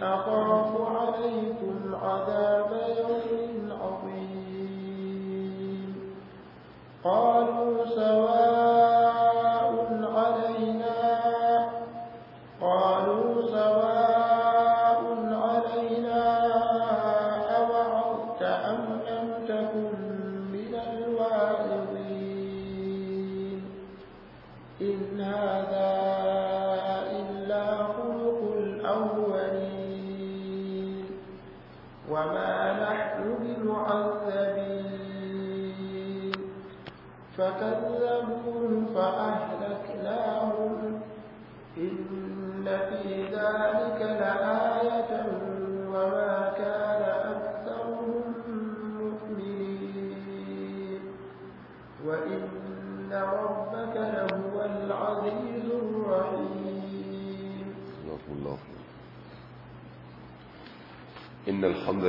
أخاف عليكم عذاب يوم عظيم قالوا سواء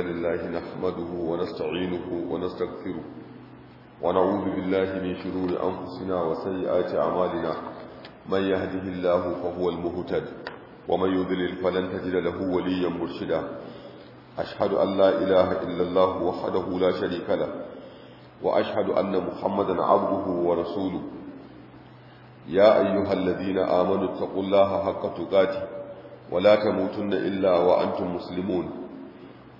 الحمد لله نحمده ونستعينه ونستغفره ونعوذ بالله من شرور أنفسنا وسيئات أعمالنا من يهده الله فهو المهتد ومن يذلل فلن تجد له وليا مرشدا أشهد أن لا إله إلا الله وحده لا شريك له وأشهد أن محمدا عبده ورسوله يا أيها الذين آمنوا اتقوا الله حق تقاته ولا تموتن إلا وأنتم مسلمون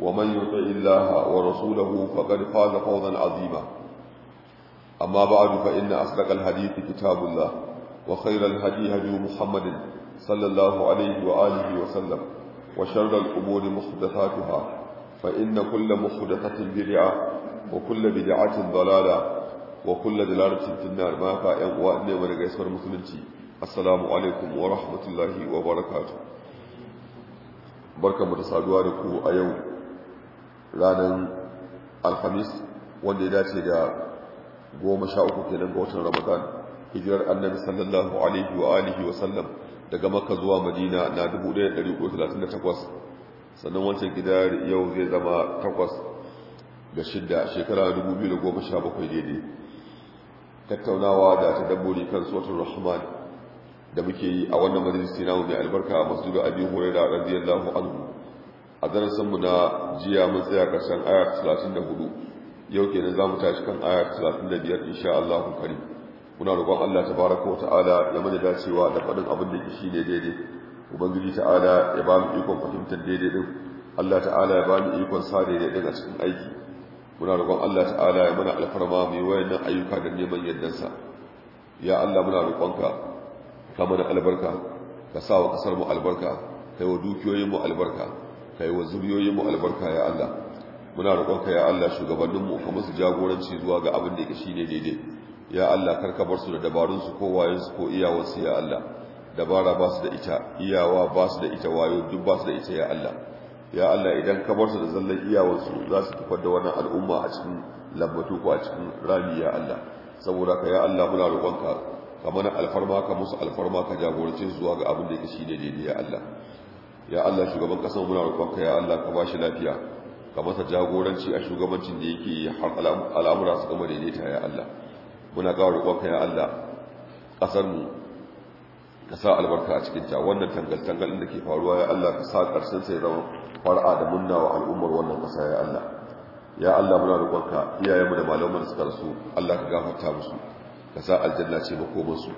ومن يطع الله ورسوله فقد فاز فوزا عظيما أما بعد فإن أصدق الحديث كتاب الله وخير الهدي هدي محمد صلى الله عليه وآله وسلم وشر الأمور محدثاتها فإن كل محدثة بدعة وكل بدعة ضلالة وكل دلالة في النار ما فائن وأني ونقيس المسلمين السلام عليكم ورحمة الله وبركاته بركة متسادوا لكم أيوم ranar alhamis wanda ya dace da goma sha uku kenan ga watan ramadan hijirar annabi sallallahu alaihi wa alihi wa sallam daga makka zuwa madina na 1338 sannan wancan gida yau zai zama 8 ga shidda shekara 2017 daidai tattaunawa da ta dabbori kan sautin rahman da muke yi a wannan majalisi namu mai albarka a masjidu da hurairah radiyallahu anhu a darasinmu na jiya mun tsaya ƙarshen ayar 34 yau kenan za mu tashi kan ayar 35 insha Allah ku kari muna roƙon Allah tabaraka wa ta'ala ya mana dacewa da faɗin abin da ke ne daidai ubangiji ta'ala ya ba mu ikon fahimtar daidai din Allah ta'ala ya ba mu ikon sa daidai din a cikin aiki muna roƙon Allah ta'ala ya mana alfarma mai wayannan ayyuka da neman yardansa ya Allah muna roƙonka ka mana albarka ka sa wa kasar mu albarka kai wa dukiyoyin mu albarka yi wa zuriyoyinmu albarka ya Allah muna roƙonka ya Allah shugabanninmu ka musu jagoranci zuwa ga abin da yake shine daidai ya Allah karka bar su da dabarun su ko wayen su ko iyawar su ya Allah dabara ba su da ita iyawa ba su da ita wayo duk ba su da ita ya Allah ya Allah idan ka bar su da zallan iyawar su za su tafar da wannan al'umma a cikin lambatu ko a cikin rami ya Allah saboda ka ya Allah muna roƙonka ka mana alfarma ka musu alfarma ka jagorance zuwa ga abin da yake shine daidai ya Allah ya Allah shugaban kasar muna roƙonka ya Allah ka bashi lafiya ka masa jagoranci a shugabancin da yake har al'amura su kama daidaita ya Allah muna kawo roƙonka ya Allah kasar mu ka sa albarka a cikin ta wannan tangal-tangal da ke faruwa ya Allah ka sa ƙarshen sai zama far'a da munna wa al'ummar wannan ƙasa ya Allah ya Allah muna roƙonka iyayenmu da malaman suka rasu Allah ka gafarta musu ka sa aljanna ce makomansu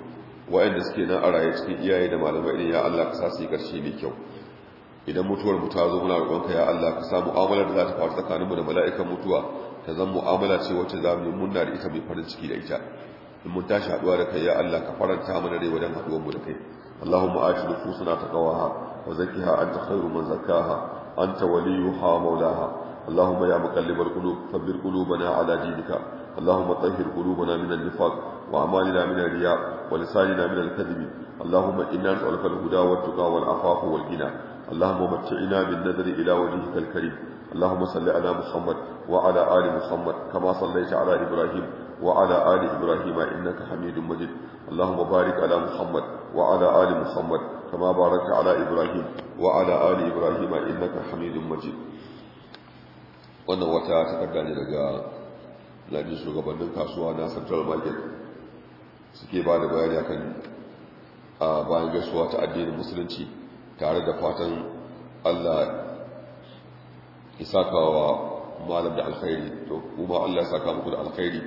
wa'anda suke nan a raye cikin iyaye da malamai ya Allah ka sa su yi ƙarshe mai kyau idan mutuwar mu ta zo muna roƙonka ya Allah ka sa mu'amalar da za ta faru tsakaninmu da mala'ikan mutuwa ta zan mu'amala ce wacce za mu yi munna da ita mai farin ciki da ita in mun tashi haɗuwa da kai ya Allah ka faranta mana rai wajen haɗuwar mu da kai Allahumma ati nufusuna taqwaha wa zakkiha anta khairu man zakkaha anta waliyuha maulaha اللهم يا مقلب القلوب ثبت قلوبنا على دينك اللهم طهر قلوبنا من النفاق وأعمالنا من الرياء ولساننا من الكذب اللهم إنا نسألك الهدى والتقى والعفاف والغنى اللهم متعنا بالنذر إلى وجهك الكريم اللهم صل على محمد وعلى آل محمد كما صليت على إبراهيم وعلى آل إبراهيم إنك حميد مجيد اللهم بارك على محمد وعلى آل محمد كما باركت على إبراهيم وعلى آل إبراهيم إنك حميد مجيد wannan wata takarda ne daga lardin shugabannin kasuwa na central market suke ba da bayani akan a bayan gaisuwa ta addinin musulunci tare da fatan Allah isaka wa malam da alkhairi to kuma Allah ya saka muku da alkhairi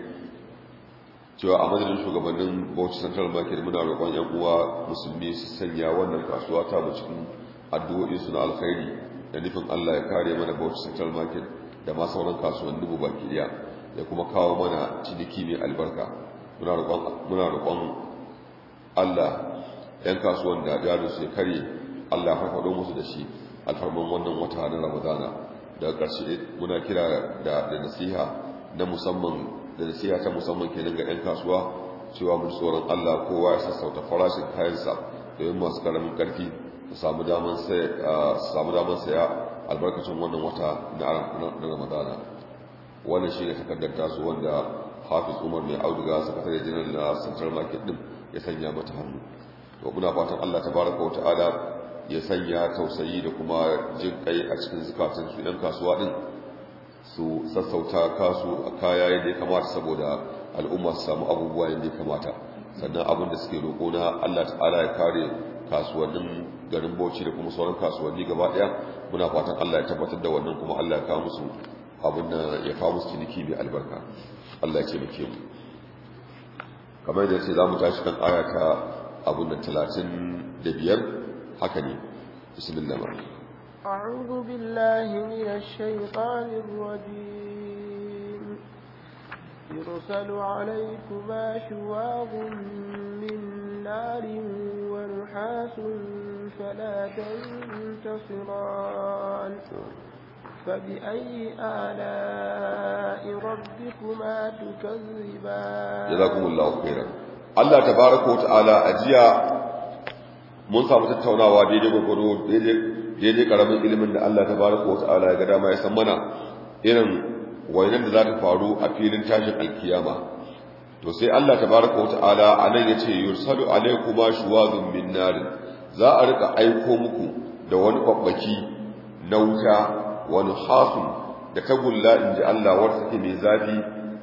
cewa a madadin shugabannin Bauchi Central Market muna roƙon ƴan uwa musulmi su sanya wannan kasuwa ta mu cikin addu'o'i su na alkhairi da nufin Allah ya kare mana Bauchi Central Market da ma sauran kasuwanni mu baki daya ya kuma kawo mana ciniki mai albarka muna roƙon Allah ‘yan kasuwan da jarinsu ya karye Allah farfado musu da shi alfarman wannan wata na ramadana da ƙarshe muna kira da nasiha na musamman da nasiha ta musamman kenan ga 'yan kasuwa cewa mun tsoron Allah kowa ya sassauta farashin kayansa domin masu karamin karfi su samu damar saya albarkacin wannan wata na ramadana wannan shi ne takardar tasu wanda hafiz umar mai auduga sakatare janar na central market din ya sanya mata hannu to muna fatan Allah tabaraka wa ta'ala ya sanya tausayi da kuma jin kai a cikin zukatun su yan kasuwa din su sassauta kasu a kaya yadda ya kamata saboda al'umma su samu abubuwa yadda ya kamata sannan abin da suke roƙo na Allah ta'ala ya kare kasuwannin garin Bauchi da kuma sauran kasuwanni gaba ɗaya muna fatan Allah ya tabbatar da wannan kuma Allah ya kawo musu abin da ya kawo musu ciniki mai albarka Allah ya ce muke mu kamar da ce za mu tashi kan aya ta abin da talatin da biyar الله الرحمن الرحيم أعوذ بالله من الشيطان الرجيم يرسل عليكما شواظ من نار ونحاس فلا تنتصران فبأي آلاء ربكما تكذبان جزاكم الله خيرا الله تبارك وتعالى أجيا mun samu tattaunawa daidai gwagwado daidai karamin ilimin da Allah ta baraka wa ta'ala ya ga dama ya san mana irin wainan da za ta faru a filin tashin alkiyama to sai Allah ta baraka wa ta'ala a nan ya ce yursalu alaikuma shuwazun min narin za a rika aiko muku da wani kwabbaki na wuta wani hasun da tagulla in ji Allah wata take mai zafi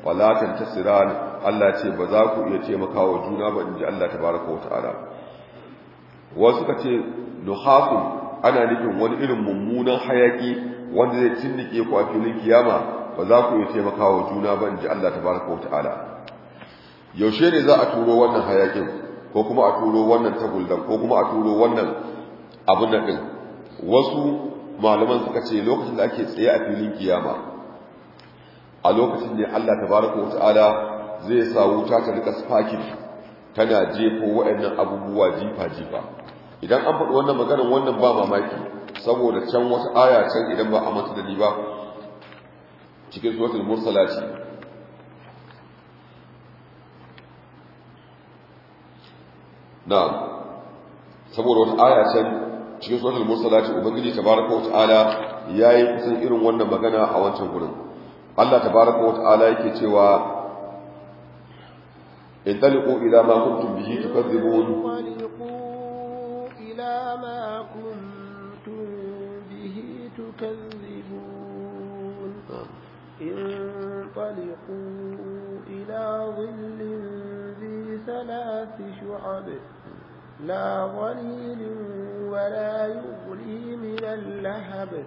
falatan tasiran Allah ce ba za ku iya taimakawa juna ba in ji Allah ta baraka wa ta'ala wasu ka ce nuhasun ana nufin wani irin mummunan hayaki wanda zai cinnike ku a filin kiyama ba za ku iya taimakawa juna ba in ji Allah baraka wa ta'ala yaushe ne za a turo wannan hayakin ko kuma a turo wannan taguldan ko kuma a turo wannan abin da ɗin wasu malaman suka ce lokacin da ake tsaye a filin kiyama a lokacin ne Allah baraka wa ta'ala zai sa wuta ta rika spakin. tana jefo waɗannan abubuwa jifa jifa idan an faɗi wannan maganar wannan ba mamaki saboda can wata aya can idan ba a mata da ba cikin suratul mursala ce na saboda wata aya can cikin suratul mursala ce ubangiji tabaraka wa ta'ala yi kusan irin wannan magana a wancan gurin Allah tabaraka wa ta'ala yake cewa انطلقوا إلى ما كنتم به تكذبون انطلقوا إلى ما كنتم به تكذبون انطلقوا إلى ظل ذي ثلاث شعب لا ظليل ولا يغلي من اللهب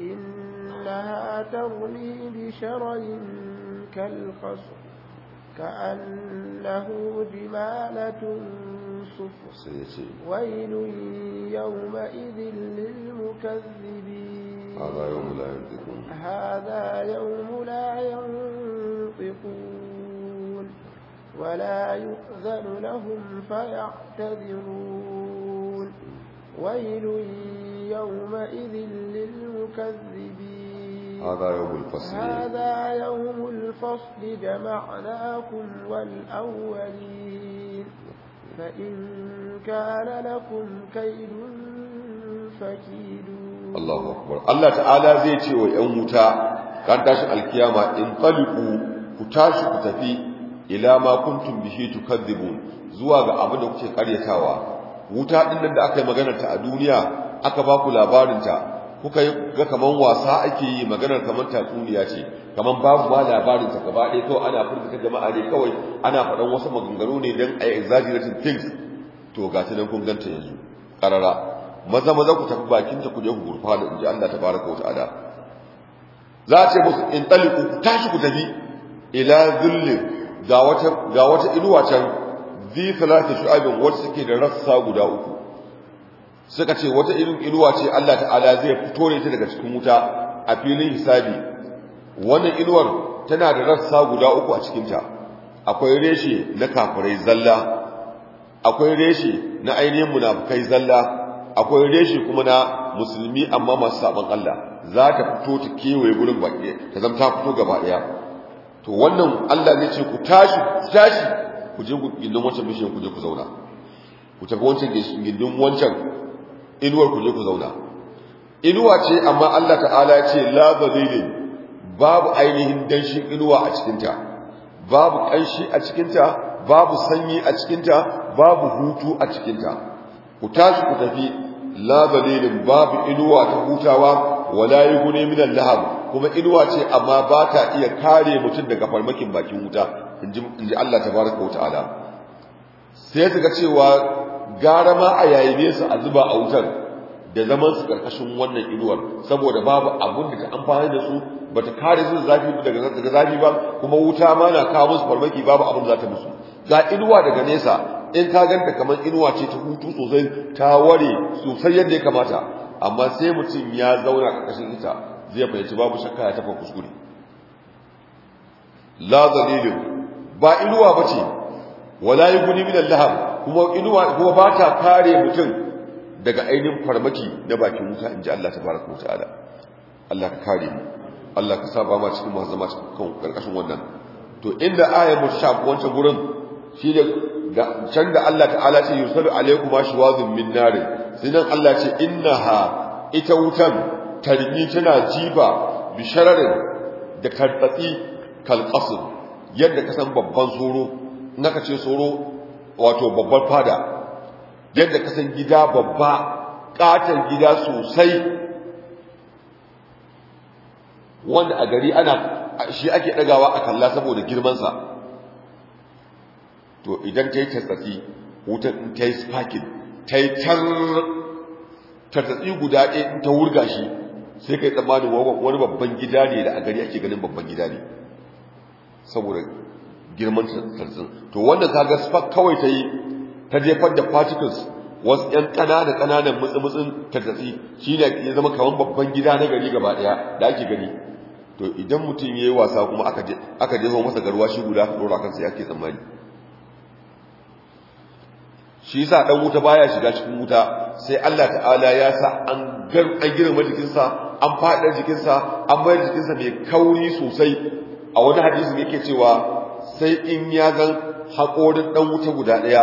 إنها تغلي بشر كالخصر كأنه جمالة صفر ويل يومئذ للمكذبين هذا يوم لا ينطقون هذا يوم لا ينطقون ولا يؤذن لهم فيعتذرون ويل يومئذ للمكذبين هذا يوم الفصل هذا يوم الفصل جمعناكم والأولين فإن كان لكم كيد فكيدون الله أكبر الله تعالى زيتي ويأموتا كان تاشي الكيامة انطلقوا كتاشي كتفي إلى ما كنتم به تكذبون زواغ أبدا كتير قريتاوا wuta nan da aka yi magana ta a duniya aka ba ku labarinta kuka yi ga kaman wasa ake yi maganar kaman tatsuniya ce kaman babu ma labarin ta gaba ɗaya kawai ana furta jama'a ne kawai ana faɗan wasu maganganu ne don a exaggerating things to ga ta nan kun ganta yanzu ƙarara maza maza ku tafi bakin ta ku je ku gurfa da inji Allah ta baraka wa ta'ala za a ce musu in taliku ku tashi ku tafi ila zulli ga wata ga wata inuwa can zi salati shu'abin wacce take da rassa guda uku suka ce wata irin inuwa ce Allah ta'ala zai fito ne ta daga cikin wuta a filin hisabi wannan inuwar tana da rassa guda uku a cikin ta akwai reshe na kafirai zalla akwai reshe na ainihin munafukai zalla akwai reshe kuma na musulmi amma masu sabon Allah za ta fito ta kewaye gurin baƙi ta zama ta fito gaba daya to wannan Allah ne ce ku tashi ku tashi ku je ku gindin wancan bishiyar ku je ku zauna ku tafi wancan gindin wancan inuwar ku je ku zauna inuwa ce amma Allah ta'ala ya ce la zalilin babu ainihin danshin inuwa a cikinta babu kanshi a cikinta babu sanyi a cikinta babu hutu a cikinta ku tashi ku tafi la zalilin babu inuwa ta hutawa wala yughni min al-lahab kuma inuwa ce amma ba ta iya kare mutum daga farmakin bakin wuta inji Allah tabaraka wa ta'ala sai ta ga cewa gara ma a yayibe su a zuba a wutar da zaman su karkashin wannan inuwar saboda babu abun da ta amfani da su ba ta kare su zafi daga zafi ba kuma wuta ma na kawo musu farmaki babu abin da za ta musu ga inuwa daga nesa in ka ganta kamar inuwa ce ta hutu sosai ta ware sosai yadda ya kamata amma sai mutum ya zauna ƙarƙashin ita zai fahimci babu shakka ya tafa kuskure la zalilu. ba inuwa bace wala yughni min lahab kuma inuwa kuma ba ta kare mutum daga ainihin farmaki da bakin wuta in ji Allah ta baraka wa ta'ala Allah ka kare mu Allah ka saba ma cikin mazama cikin karkashin wannan to inda mu shaq wancan gurin shi da can da Allah ta'ala ce yusaru alaikum ashwazun min nar sai nan Allah ce innaha ita wutan tarihi tana jiba bishararin da kartatsi kalqasr yadda ka san babban tsoro naka ce tsoro wato babbar fada yadda kasan gida babba katon gida sosai wanda a gari ana shi ake ɗagawa a kalla saboda girmansa to idan ta yi tattatsi wutan ta yi spakin ta yi tattatsi guda ɗaya in ta wurga shi sai kai yi tsammanin wani babban gida ne da a gari ake ganin babban gida ne saboda girman tarzin to wannan kaga spark kawai ta yi ta jefar da particles wasu ‘yan ƙananan ƙananan mutsumutsun tafi shi ne ya zama kamar babban gida na gari gaba ɗaya da ake gani to idan mutum ya yi wasa kuma aka jefa masa garuwa shi guda aka ɗora kansa ya ke tsammani shi sa ɗan wuta baya shiga cikin wuta sai Allah ta'ala ya sa an girma jikinsa an faɗa jikinsa an bayar jikinsa mai kauri sosai a wani hadisi yake cewa sai in ya gan haƙorin ɗan wuta guda ɗaya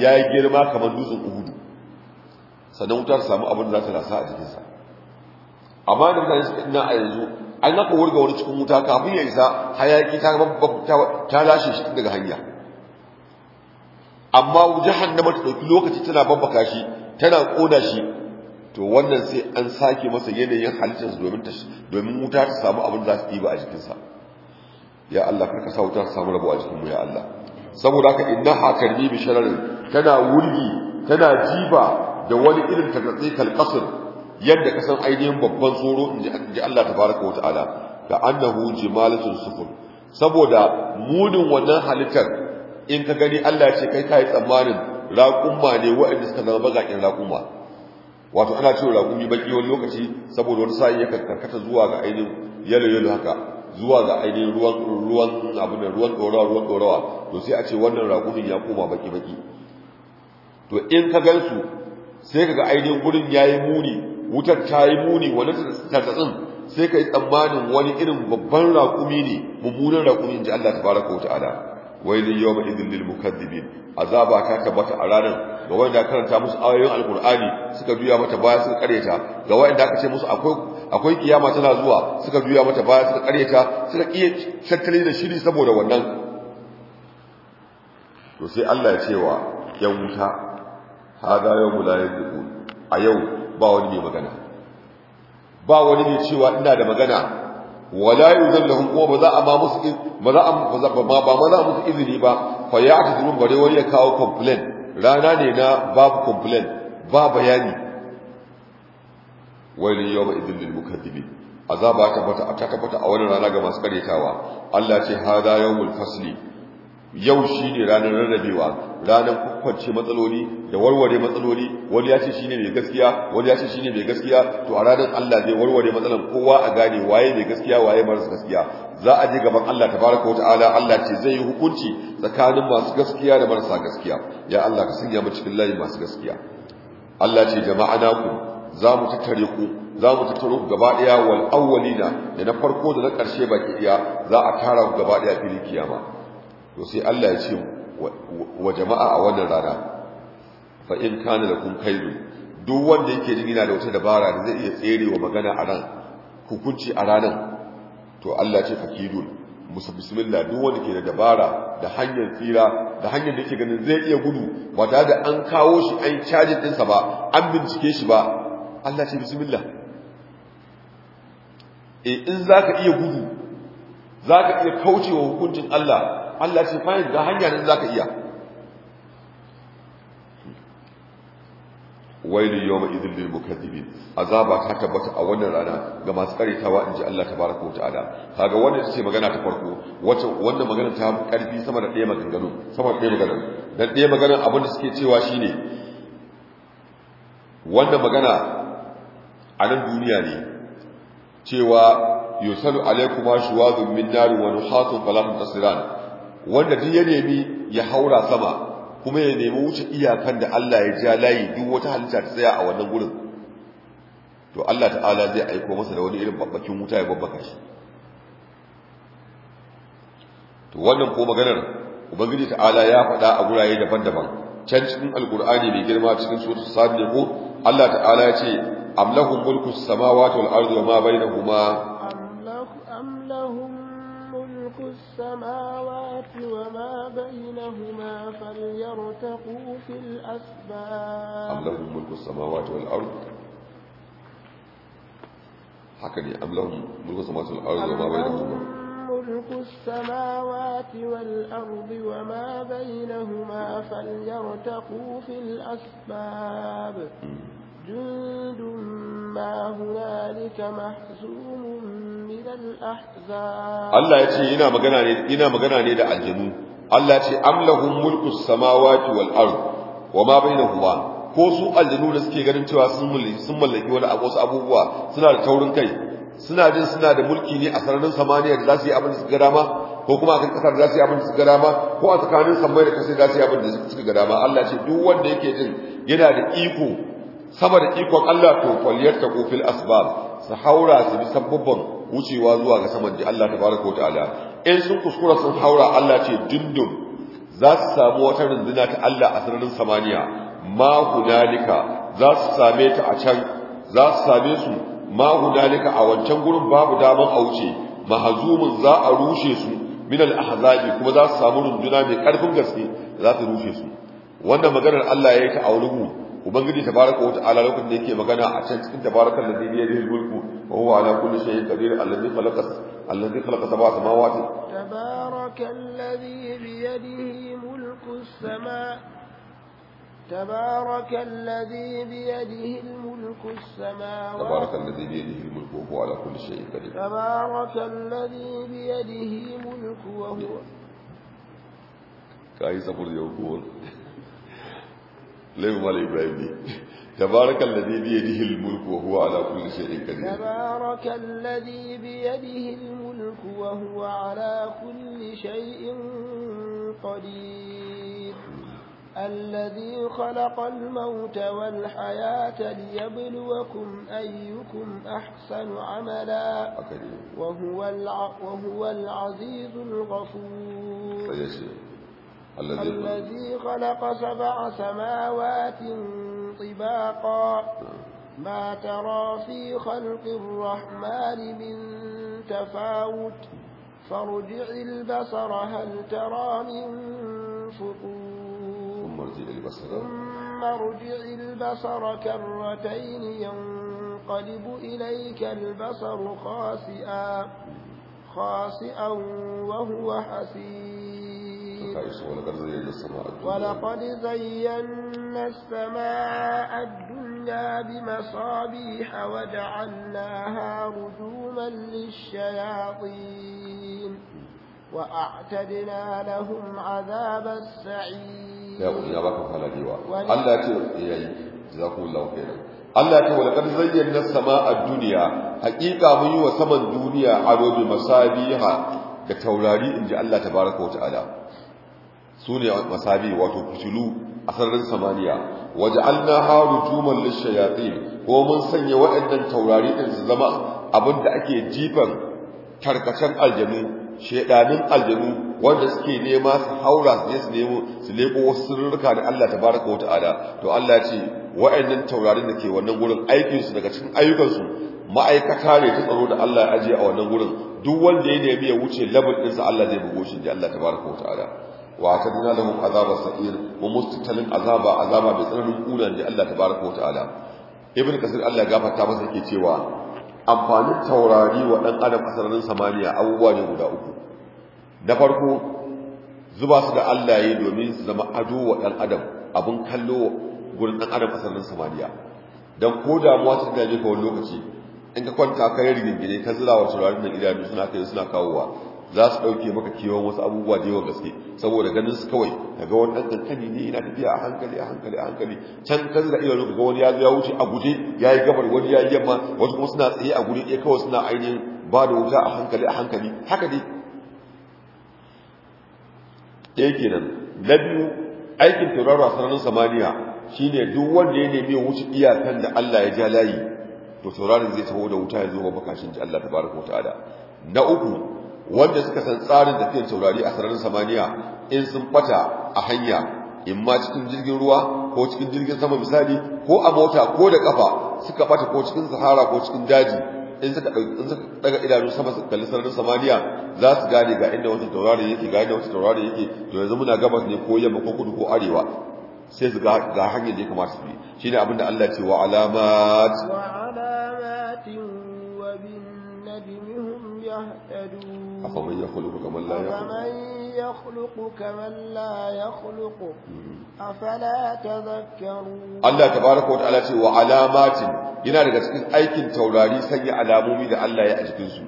ya yi girma kamar dutsen uhudu sannan wuta ta samu abin da za ta lasa a jikinsa amma da mutane suka ina a yanzu an haka wurga wani cikin wuta kafin ya isa hayaki ta ta lashe shi daga hanya amma jahannama ta ɗauki lokaci tana babbaka shi tana ƙona shi to wannan sai an sake masa yanayin halittarsa domin wuta ta samu abin da za ta ɗiba a jikinsa ya Allah karka sa wuta samu rabo a jikinmu ya Allah saboda haka inna tarmi bi shararin tana wurgi tana jiba da wani irin tartsatsi kalqasr yadda ka san ainihin babban tsoro inji Allah tabaraka wataala da annahu jimalatul sufur saboda munin wannan halittar in ka gani Allah ce kai kai tsammanin raƙumma ne wa'anda suka zama bazakin raƙumma wato ana cewa raƙumi baki wani lokaci saboda wani sa'i ya karkata zuwa ga ainihin yalo yalo haka zuwa ga ainihin ruwan ruwan abu da ruwan dorawa ruwan dorawa to sai a ce wannan raƙumin ya koma baki baki to in ka gansu sai kaga ainihin gurin yi muni wutar ta yi muni wani tartatsin sai ka yi tsammanin wani irin babban raƙumi ne mummunan raƙumin ji Allah ta fara wa ta'ala wailin yawma idin lil mukaddibin azaba ka tabbata a ranar ga wanda karanta musu ayoyin alqur'ani suka juya mata baya suka kareta ga wanda aka ce musu akwai akwai kiyama tana zuwa suka juya mata baya suka kareta suka iya tattali da shiri saboda wannan to sai Allah ya cewa yan wuta hada yawmu la yadhkun a yau ba wani mai magana ba wani mai cewa ina da magana wala yuzallahum kuma ba za ma musu za a musu izini ba fa ya ta zuwa bare ya kawo complain rana ne na babu complain ba bayani wani yawma idin lil mukaddibin azaba ka bata ta tabbata a wannan rana ga masu karetawa Allah ce hada fasli yau shine ranar rarrabewa ranar kwakwance matsaloli da warware matsaloli wani ya ce shi ne mai gaskiya wani ya ce shi ne mai gaskiya to a ranar Allah zai warware matsalan kowa a gane waye mai gaskiya waye marasa gaskiya za a je gaban Allah tabaraka Ta'ala Allah ce zai yi hukunci tsakanin masu gaskiya da marasa gaskiya ya Allah ka sanya mu cikin layin masu gaskiya Allah ce jama'a na ku za mu tattare ku za mu tattaro ku gaba daya wal awwalina da na farko da na karshe baki daya za a tara ku gaba ɗaya filin kiyama to sai Allah ya ce mu wa jama'a a wannan rana fa in kana kun kaidu duk wanda yake jin yana da wata dabara da zai iya tsere wa magana a ran hukunci a ranan to Allah ce fakidul musu bismillah duk wanda ke da dabara da hanyar tsira da hanyar da yake ganin zai iya gudu ba tare da an kawo shi an cajin dinsa ba an bincike shi ba Allah ce bismillah e in zaka iya gudu zaka iya kaucewa hukuncin Allah Allah ce fa ga hanya nan zaka iya wailu yawma idhil lil mukaththibin azaba ta tabbata a wannan rana ga masu karitawa inji Allah tabaraka ta'ala kaga wannan ce magana ta farko wacce wannan magana ta karfi sama da ɗaya maganganu sama da ɗaya maganganu dan ɗaya maganganu abin da suke cewa shine wannan magana a nan duniya ne cewa yusalu alaikuma shuwadun min nar wa nuhatun falam tasiran wanda duk ya nemi ya haura sama kuma ya nemi wuce iyakan da Allah ya ja layi duk wata halitta ta tsaya a wannan gurin to Allah ta'ala zai aiko masa da wani irin babbakin wuta ya babbaka shi to wannan ko maganar ubangiji ta'ala ya faɗa a gurare daban-daban can cikin alkur'ani mai girma cikin suratul sabiqu Allah ta'ala ya ce am lahum mulku samawati wal ardi wa ma bainahuma فارتقوا في الأسباب أم لهم ملك السماوات والأرض حكني أم لهم ملك السماوات والأرض وما بينهما ملك السماوات والأرض وما بينهما فليرتقوا في الأسباب جند ما هنالك محزون من الأحزاب الله يتي إنا مغنى إنا مغنى لدى الجنون Allah ce amlahum mulku samawati wal ard wa ma bainahuma ko su aljinu da suke ganin cewa sun mulki sun mallaki wani abu wasu abubuwa suna da taurin kai suna jin suna da mulki ne a sararin samaniya da za su yi abin da suka ma ko kuma a kan kasar da za su yi abin da suka ma ko a tsakanin samai da kasar da za su yi abin da suka ma Allah ce duk wanda yake jin yana da iko sama da ikon Allah to kwaliyar ta kofil asbab su haura su bi sabbabban wucewa zuwa ga saman da Allah tabaraka wa ta'ala in sun kuskura sun haura Allah ce dindin za su samu wata rundunar ta Allah a sararin samaniya ma hudalika za su same ta a can za su same su ma hudalika a wancan gurin babu damar auce wuce mahazumin za a rushe su min al kuma za su samu runduna mai karfin gaske za ta rushe su wannan maganar Allah ya yi ta ubangiji ta ubangiji wata ala lokacin da yake magana a can cikin tabarakan da zai yi mulku wa huwa ala kulli shay'in qadir allazi khalaqa الذي خلق سبع سماوات تبارك الذي بيده ملك السماء تبارك الذي بيده الملك السماوات تبارك الذي بيده الملك وهو على كل شيء قدير تبارك الذي بيده ملك وهو كاي صبر يقول ليه مال ابراهيم تبارك الذي بيده الملك وهو على كل شيء قدير تبارك الذي بيده الملك وهو على كل شيء قدير الذي خلق الموت والحياة ليبلوكم أيكم أحسن عملا وهو, الع... وهو العزيز الغفور الذي خلق سبع سماوات طباقا ما ترى في خلق الرحمن من تفاوت فارجع البصر هل ترى من فطور ثم ارجع البصر كرتين ينقلب إليك البصر خاسئا خاسئا وهو حسين kayisu wani garzai na sama a duniya bi da annaha rujuman lishayatin wa a tadina Ya kuma ya baka fara biwa. Allah ya yi za ku lau kenan. Allah ce wala na sama a duniya Haƙiƙa mun yi wa saman duniya a rubi masabi ha. Ga taurari in ji Allah ta baraka wa ta'ala. Sune ne masabi wato fitilu a sararin samaniya waje an na haru juman ko mun sanya waɗannan taurari ɗin su zama abin da ake jifan tarkacen aljanu shaidanin aljanu wanda suke nema su haura su je su nemo su leko wasu sirrika da Allah baraka wa ta'ala to Allah ce waɗannan taurarin da ke wannan gurin aikinsu daga cikin ayyukansu ma'aikata ne ta tsaro da Allah ya ajiye a wannan gurin duk wanda ya nemi ya wuce labin ɗinsa Allah zai bugo shi da Allah ta baraka wa ta'ala wa atadna lahum azaba sa'ir wa mustatalin azaba azaba bi tsananin kulan da Allah tabaraka wataala ibn kasir Allah fata masa yake cewa amfanin taurari wa dan adam a samaniya abubuwa ne guda uku na farko zuba su da Allah yayi domin su zama ado wa dan adam abun kallo gurin dan adam a samaniya dan ko damuwa ta gaje lokaci in ka kwanta ka rigingine ka zira wa taurarin nan idanu suna kai suna kawowa za su ɗauke maka kewan wasu abubuwa da yawan gaske saboda ganin su kawai ga wani ɗan kankani ne yana tafiya a hankali a hankali a hankali can kan da iya kaga wani ya zo ya wuce a guje ya yi gabar wani ya yi yamma wasu kuma suna tsaye a guri ɗaya kawai suna ainihin ba da wuta a hankali a hankali haka dai ɗaya kenan na biyu aikin tauraro a sararin samaniya shine duk wanda ya nemi wuce iyakan da Allah ya ja layi to tauraron zai taho da wuta ya zo ba kashin ji Allah tabaraka wa ta'ala na uku wanda suka san tsarin tafiyar taurari a sararin samaniya in sun fata a hanya in ma cikin jirgin ruwa ko cikin jirgin sama misali ko a mota ko da kafa suka fata ko cikin sahara ko cikin daji in suka daga idanu sama su kalli sararin samaniya za su gane ga inda wata taurari yake ga inda wata taurari yake to yanzu muna gabas ne ko yamma ko kudu ko arewa sai su ga hanyar da ya kamata su bi shine abin da Allah ce wa alamat أفمن يخلق كمن لا يخلق أفمن يخلق كمن لا يخلق افلا تذكرون الله تبارك وتعالى وعلامات yana daga cikin aikin taurari sanya alamomi da Allah ya a su.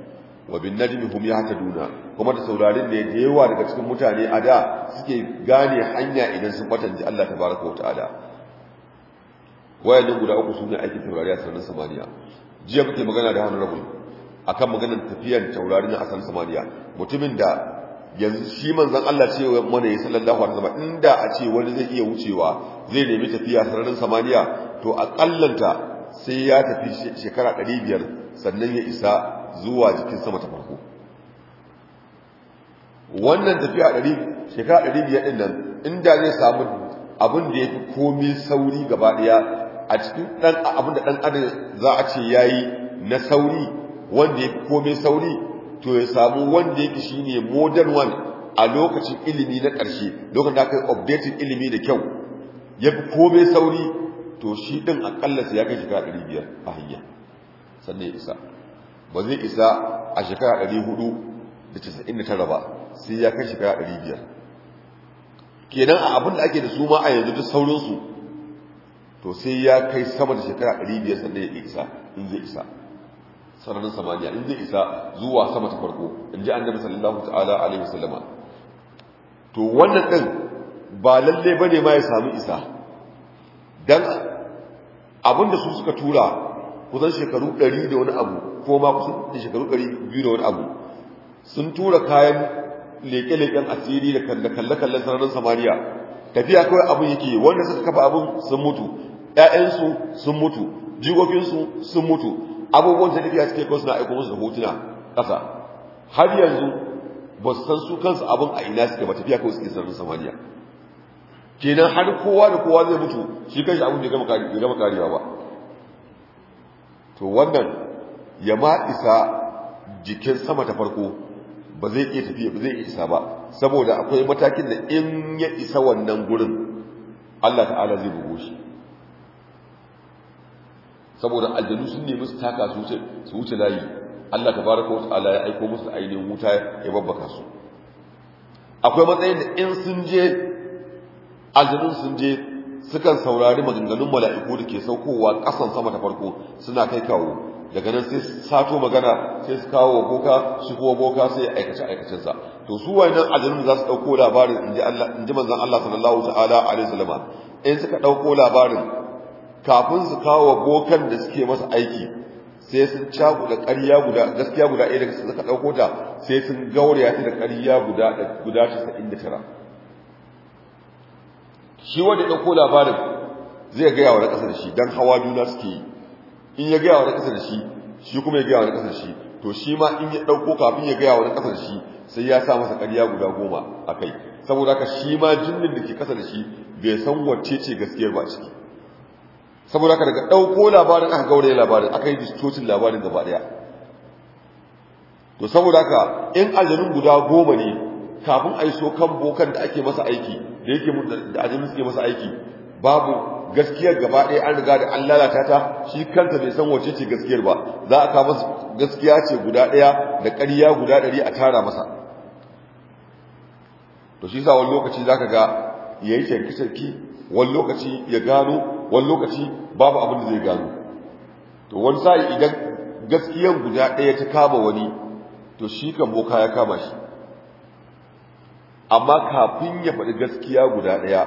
wa bin najmi hum yahtaduna kuma da taurarin da yake yawa daga cikin mutane a da suke gane hanya idan sun kwatanci Allah tabarak wa ta'ala wayannan guda uku sune aikin taurari a sararin samaniya jiya muke magana da rabu akan maganar tafiyan taurarin na samaniya mutumin da yanzu shi manzon Allah ce mana ya sallallahu alaihi wasallam inda a ce wani zai iya wucewa zai nemi tafiya sararin samaniya to a kallanta sai ya tafi shekara 500 sannan ya isa zuwa jikin sama ta farko wannan tafiya 100 shekara 500 din nan inda zai samu abin da yafi komai sauri gaba daya a cikin dan abin da dan adam za a ce yayi na sauri wanda ya fi komai sauri to ya samu wanda yake shi ne modern one a lokacin ilimi na ƙarshe lokacin da aka yi updating ilimi da kyau ya fi komai sauri to shi ɗin aƙalla sai ya kai shekara ɗari biyar a hanya sannan ya isa ba zai isa a shekara ɗari hudu da casa'in da tara ba sai ya kai shekara ɗari biyar kenan a abin da ake da su ma a yanzu duk saurinsu to sai ya kai sama da shekara ɗari biyar sannan ya isa in zai isa sararin samaniya in zai isa zuwa sama ta farko in ji annabi sallallahu ta'ala alaihi salama. to wannan din ba lalle bane ma ya samu isa dan abinda su suka tura kusan shekaru 100 da wani abu ko ma kusan shekaru 200 da wani abu sun tura kayan leke-leken asiri da kalle-kallen sararin samaniya tafiya kawai abin yake wanda suka kafa abin sun mutu ‘ya'yansu sun mutu jikokinsu sun mutu abubuwan da tafiya suke kawai suna aiko musu da hotuna ƙasa har yanzu ba su san su kansu abin a ina suke ba tafiya kawai suke sararin samaniya kenan har kowa da kowa zai mutu shi kanshi abin ya gama karewa ba to wannan ya ma isa jikin sama ta farko ba zai iya tafiya ba zai iya isa ba saboda akwai matakin da in ya isa wannan gurin Allah ta'ala zai bugo shi saboda aljanu sun nemi su taka su wuce layi Allah ta baraka wa Ala ya aiko musu ainihin wuta ya babbaka su akwai matsayin da in sun je aljanun sun je sukan saurari maganganun mala'iku da ke saukowa ƙasan sama ta farko suna kai kawo daga nan sai sato magana sai su kawo boka su kuwa boka sai ya aikace aikacensa to su wayannan aljanun za su ɗauko labarin in ji manzon Allah sallallahu ta'ala alaihi wasallama in suka ɗauko labarin kafin su kawo bokan da suke masa aiki sai sun da ƙarya guda gaskiya guda ɗaya daga suka ɗauko ta sai sun gauraya ta da ƙarya guda guda casa'in da tara shi wanda ya ɗauko labarin zai gaya wa na ƙasa da shi don hawa juna suke yi in ya gaya wa na ƙasa da shi shi kuma ya gaya wa na ƙasa da shi to shi ma in ya ɗauko kafin ya gaya wa na ƙasa da shi sai ya sa masa ƙarya guda goma a kai saboda haka shi ma jinnin da ke ƙasa da shi bai san wacce ce gaskiyar ba ciki saboda daga ɗauko labarin aka gauraye labarin aka yi distocin labarin gaba ɗaya to saboda haka in aljanun guda goma ne kafin a yi so kan bokan da ake masa aiki da yake da aljanun suke masa aiki babu gaskiyar gaba ɗaya an riga da an lalata ta shi kanta bai san wace ce gaskiyar ba za a kawo gaskiya ce guda ɗaya da ƙarya guda ɗari a tara masa to shi sa wani lokaci za ka ga ya yi shirki-shirki wani lokaci ya gano wani lokaci babu abin da zai gano to wani sa'i idan gaskiyar guda ɗaya ta kama wani to shi kan boka ya kama shi amma kafin ya faɗi gaskiya guda ɗaya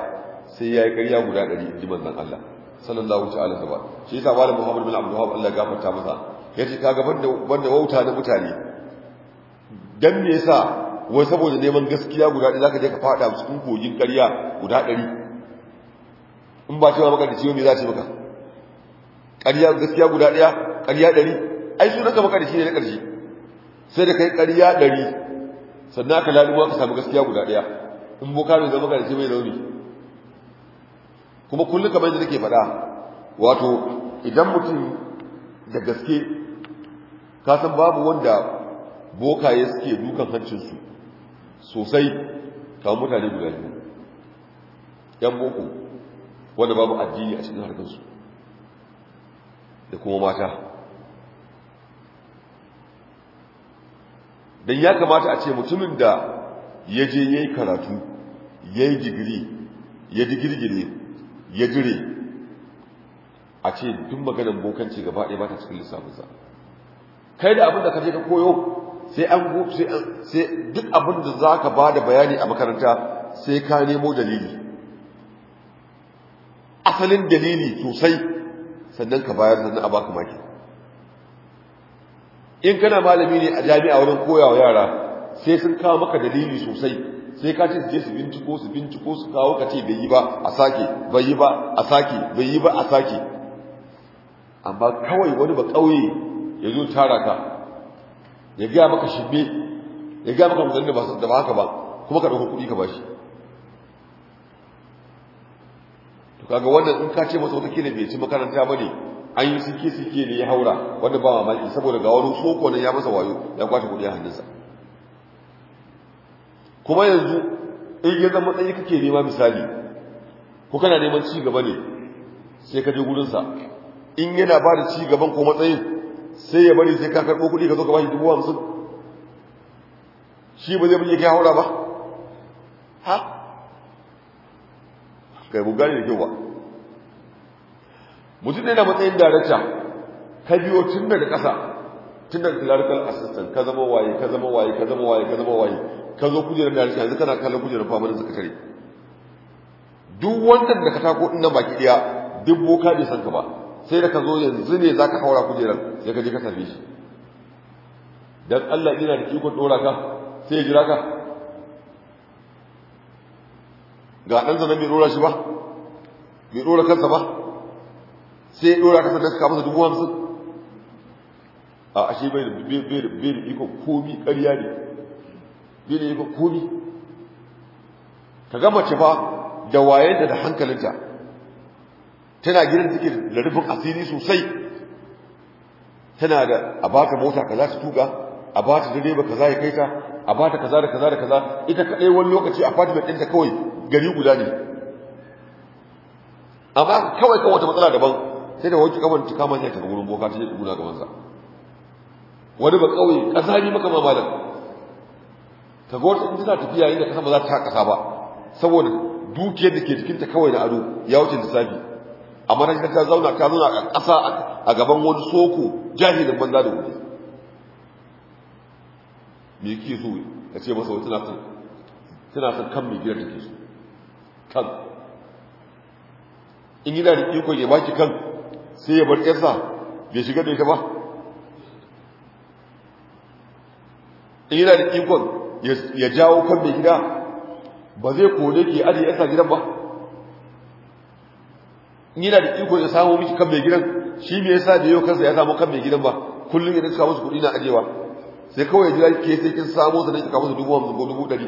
sai ya yi ƙarya guda ɗari in ji manzan Allah sallallahu ta'ala da ba shi yasa malam Muhammad bin Abdul Wahab Allah gafarta masa yace kaga banda banda wauta na mutane dan me yasa wai saboda neman gaskiya guda ɗaya zaka je ka faɗa cikin kogin ƙarya guda ɗari in ba cewa maka da ciwo me za a ce maka ƙarya gaskiya guda ɗaya ƙarya ɗari ai su ka maka da shi ne na ƙarshe sai da kai ƙarya ɗari sannan aka laluwa ka samu gaskiya guda ɗaya in boka ne zama ka da shi mai rauni kuma kullum kamar yadda nake faɗa wato idan mutum da gaske ka san babu wanda bokaye suke dukan hancinsu sosai kawo mutane guda biyu ‘yan boko wanda babu addini a cikin harkarsu da kuma mata don ya kamata a ce mutumin da ya je ya yi karatu ya yi digiri ya ji girgire ya jire a ce tun maganin bokanci gaba ɗaya ba ta cikin lissafinsa kai da abin da ka je ka koyo sai an sai duk abin da za ka ba da bayani a makaranta sai ka nemo dalili asalin dalili sosai sannan ka bayar sannan a baka maki in kana malami ne a jami'a wurin koyawa yara sai sun kawo maka dalili sosai sai ka ce su je su binciko su binciko su kawo ka ce bai yi ba a sake bai yi ba a sake bai yi ba a sake amma kawai wani ba kauye ya zo tara ka ya gaya maka shibbe ya gaya maka mutane da ba haka ba kuma ka ɗauka kuɗi ka bashi kaga wannan in ka ce masa wata kila bai ci makaranta bane an yi sike sike ne ya haura wanda ba mamaki saboda ga wani soko nan ya masa wayo ya kwace kudi a hannunsa kuma yanzu in ya zama tsayi kake nema misali ko kana neman ci gaba ne sai ka je gurinsa in yana ba da ci gaban ko matsayin sai ya bari sai ka karɓo kuɗi ka zo ka shi dubu hamsin shi ba zai bari ya kai haura ba ha kai ku gane da kyau ba mutum ne na matsayin daraja ka biyo tun daga ƙasa tun daga clerical assistant ka zama waye ka zama waye ka zama waye ka zama waye ka zo kujerar darakta yanzu kana kallon kujerar zaka sakatare duk wannan da ka tako nan baki ɗaya duk boka bai san ka ba sai da ka zo yanzu ne za ka haura kujerar sai ka je ka same shi dan Allah ina da kiko dora ka sai ya jira ka ga ɗansa nan bai ɗora shi ba bai ɗora kansa ba sai ɗora kansa da suka masa dubu hamsin a ashe bai da bai da iko komi ƙarya ne bai da iko komi ka ga mace fa da waye da hankalinta tana gidan take da rufin asiri sosai tana da a baka mota kaza su tuka a ba ta direba kaza ya kai ta a ba ta kaza da kaza da kaza ita kadai wani lokaci a fatimen ɗinta kawai gari guda ne amma kawai kan wata matsala daban sai da wanke kafan ta kama ta wurin boka ta yi guda gaban sa wani ba kawai kasa ne maka ma malam ka ga wata tafiya za tafiya inda kasa ba za ta kasa ba saboda dukiyar da ke jikinta kawai na ado ya wuce lissafi amma na ta zauna ta zauna a kasa a gaban wani soko jahilin banza da wuri me ke so ka ce masa tana son kan mai gidan da ke so kan in yi da iko ya baki kan sai ya bar ƙasa bai shiga da ita ba in yi da ikon ya jawo kan mai gida ba zai kone ke ajiye ƙasa gidan ba in yi da ikon ya samu miki kan mai gidan shi mai yasa da yau kansa ya samu kan mai gidan ba kullum ya ka musu kuɗi na ajewa sai kawai ya jira ke sai kin samu sanar ka musu dubu hamsin ko dubu ɗari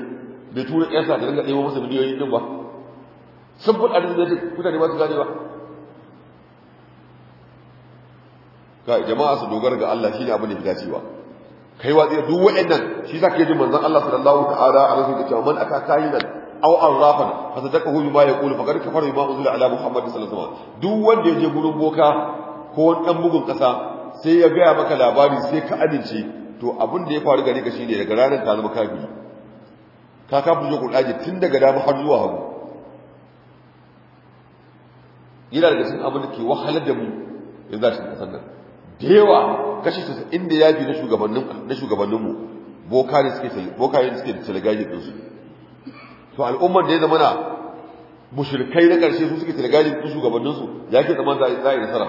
bai tura ƙasa da dinga ɗaya masa miliyoyin ɗin ba sun fuɗa da mutane ba su gane ba ka jama'a su dogara ga Allah shine abin da dace dacewa kai wa zai duk wa'annan shi zaka yi manzon Allah sallallahu ta'ala alaihi da cewa man aka kayinan aw arrafan fa sadaqahu bima yaqulu faqad faru bima uzula ala muhammad sallallahu alaihi wasallam duk wanda ya je gurin boka ko wani dan bugun kasa sai ya gaya maka labari sai ka amince to abin da ya faru gare ka shine daga ranar ta zama kafiri ka kafirce Qur'ani tun daga dama har zuwa hagu yana daga cikin abin da ke wahalar da mu ya za shi kasar nan da yawa kashi tasa'in Inda ya na na shugabanninmu boka ne suke boka ne suke to al'ummar da ya zama na mushirkai na karshe su suke talagajin din shugabanninsu, ya ke zama za a yi nasara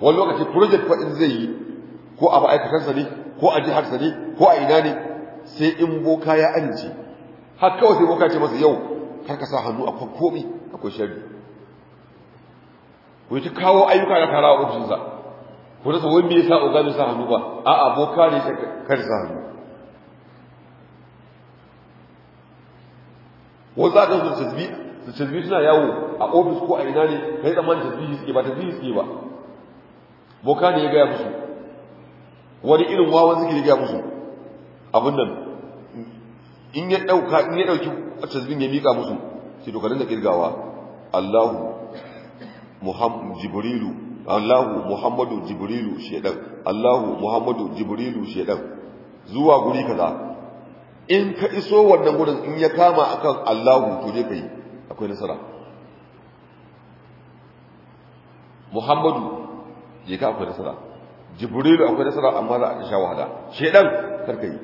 wani lokaci project fa in zai yi ko a ma'aikatarsa ne ko a jiharsa ne ko a ina ne sai in boka ya amince har kawai sai boka ce masa yau kar ka sa hannu akwai komi akwai sharri ku ta kawo ayyuka na kara ofisinsa. ku rasa wani bai sa oga bai sa hannu ba a aboka ne kar sa hannu wasu akan su tasbi su tasbi suna yawo a ofis ko a ina ne kai tsammanin tasbihi suke ba tasbihi suke ba boka ne ya gaya musu wani irin wawa suke ya gaya musu abin nan in ya ɗauka in ya ɗauki tasbin ya miƙa musu sai dokalin da ƙirgawa, kirgawa Allahu jibrilu allahu muhammadu jibrilu shedan allahu muhammadu jibrilu shedan zuwa guri kaza in ka iso wannan gurin in ya kama akan allahu to je kai akwai nasara muhammadu je ka akwai nasara jibrilu akwai nasara amma za a sha wahala shedan karka yi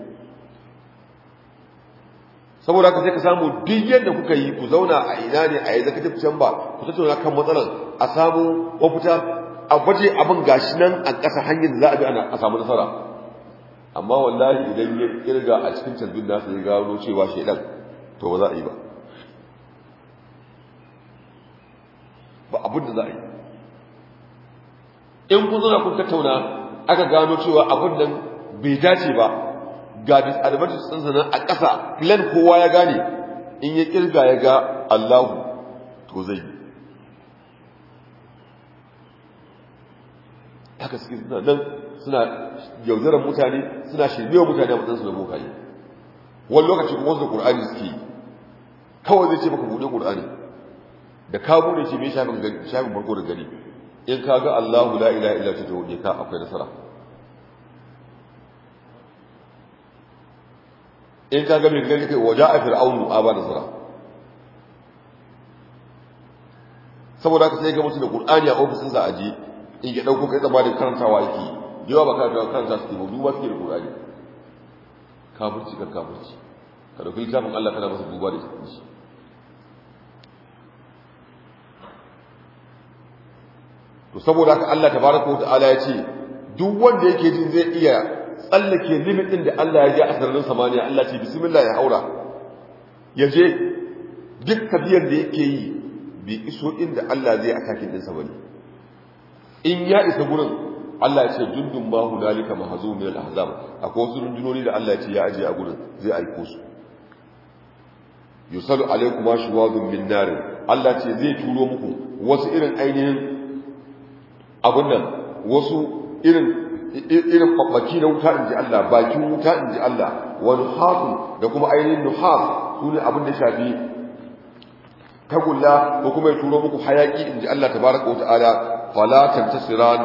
saboda haka sai ka samu duk yadda kuka yi ku zauna a ina ne a yanzu ka tafi can ba ku tattauna kan matsalar a samu mafita a baje abin gashi nan a ƙasa hanyar da za a bi a samu nasara amma wallahi idan ya kirga a cikin canzun nasu ya gano cewa shi ɗan, to ba za a yi ba ba abin da za a yi in kun zana kun tattauna aka gano cewa abin nan bai dace ba ga disadvantage sun sanar a ƙasa filan kowa ya gane in ya kirga ya ga allahu to zai yi haka suke suna nan suna yaudarar mutane suna shirmewa mutane a matsayin su da bokaye wani lokaci kuma wasu da ƙur'ani suke yi kawai zai ce maka buɗe ƙur'ani da ka bude shi mai shafin farko da gari in ka ga Allahu la ilaha illa ta tawde ka akwai nasara in ka ga mai gani kai waja a fir'aunu a ba nasara saboda haka sai ga mutu da ƙur'ani a ofisinsa a ji. in ya dauko kai tsaba da karantawa yake yawa ba karanta karanta su ba duba suke da Qur'ani kafirci ka kafirci ka dauki littafin Allah kana masa duba da shi to saboda haka Allah tabaraka wa ta'ala ya ce duk wanda yake jin zai iya tsallake limit din da Allah ya ji a sararin samaniya Allah ce bismillah ya haura ya je duk tabiyar da yake yi bai iso inda Allah zai akakin din sa ne. in ya isa gurin Allah ya ce dundun bahu dalika mahzum min al-ahzab akwai wasu rundunoni da Allah ya ce ya aje a gurin zai aiko su yusalu alaikum ashwadun min nar Allah ce zai turo muku wasu irin ainihin abun nan wasu irin irin babbaki na wuta inji Allah bakin wuta inji Allah wa nuhafu da kuma ainihin nuhaf sune abin da shafi tagulla ko kuma ya turo muku hayaki inji Allah tabaraka wa ta'ala fala tantasiran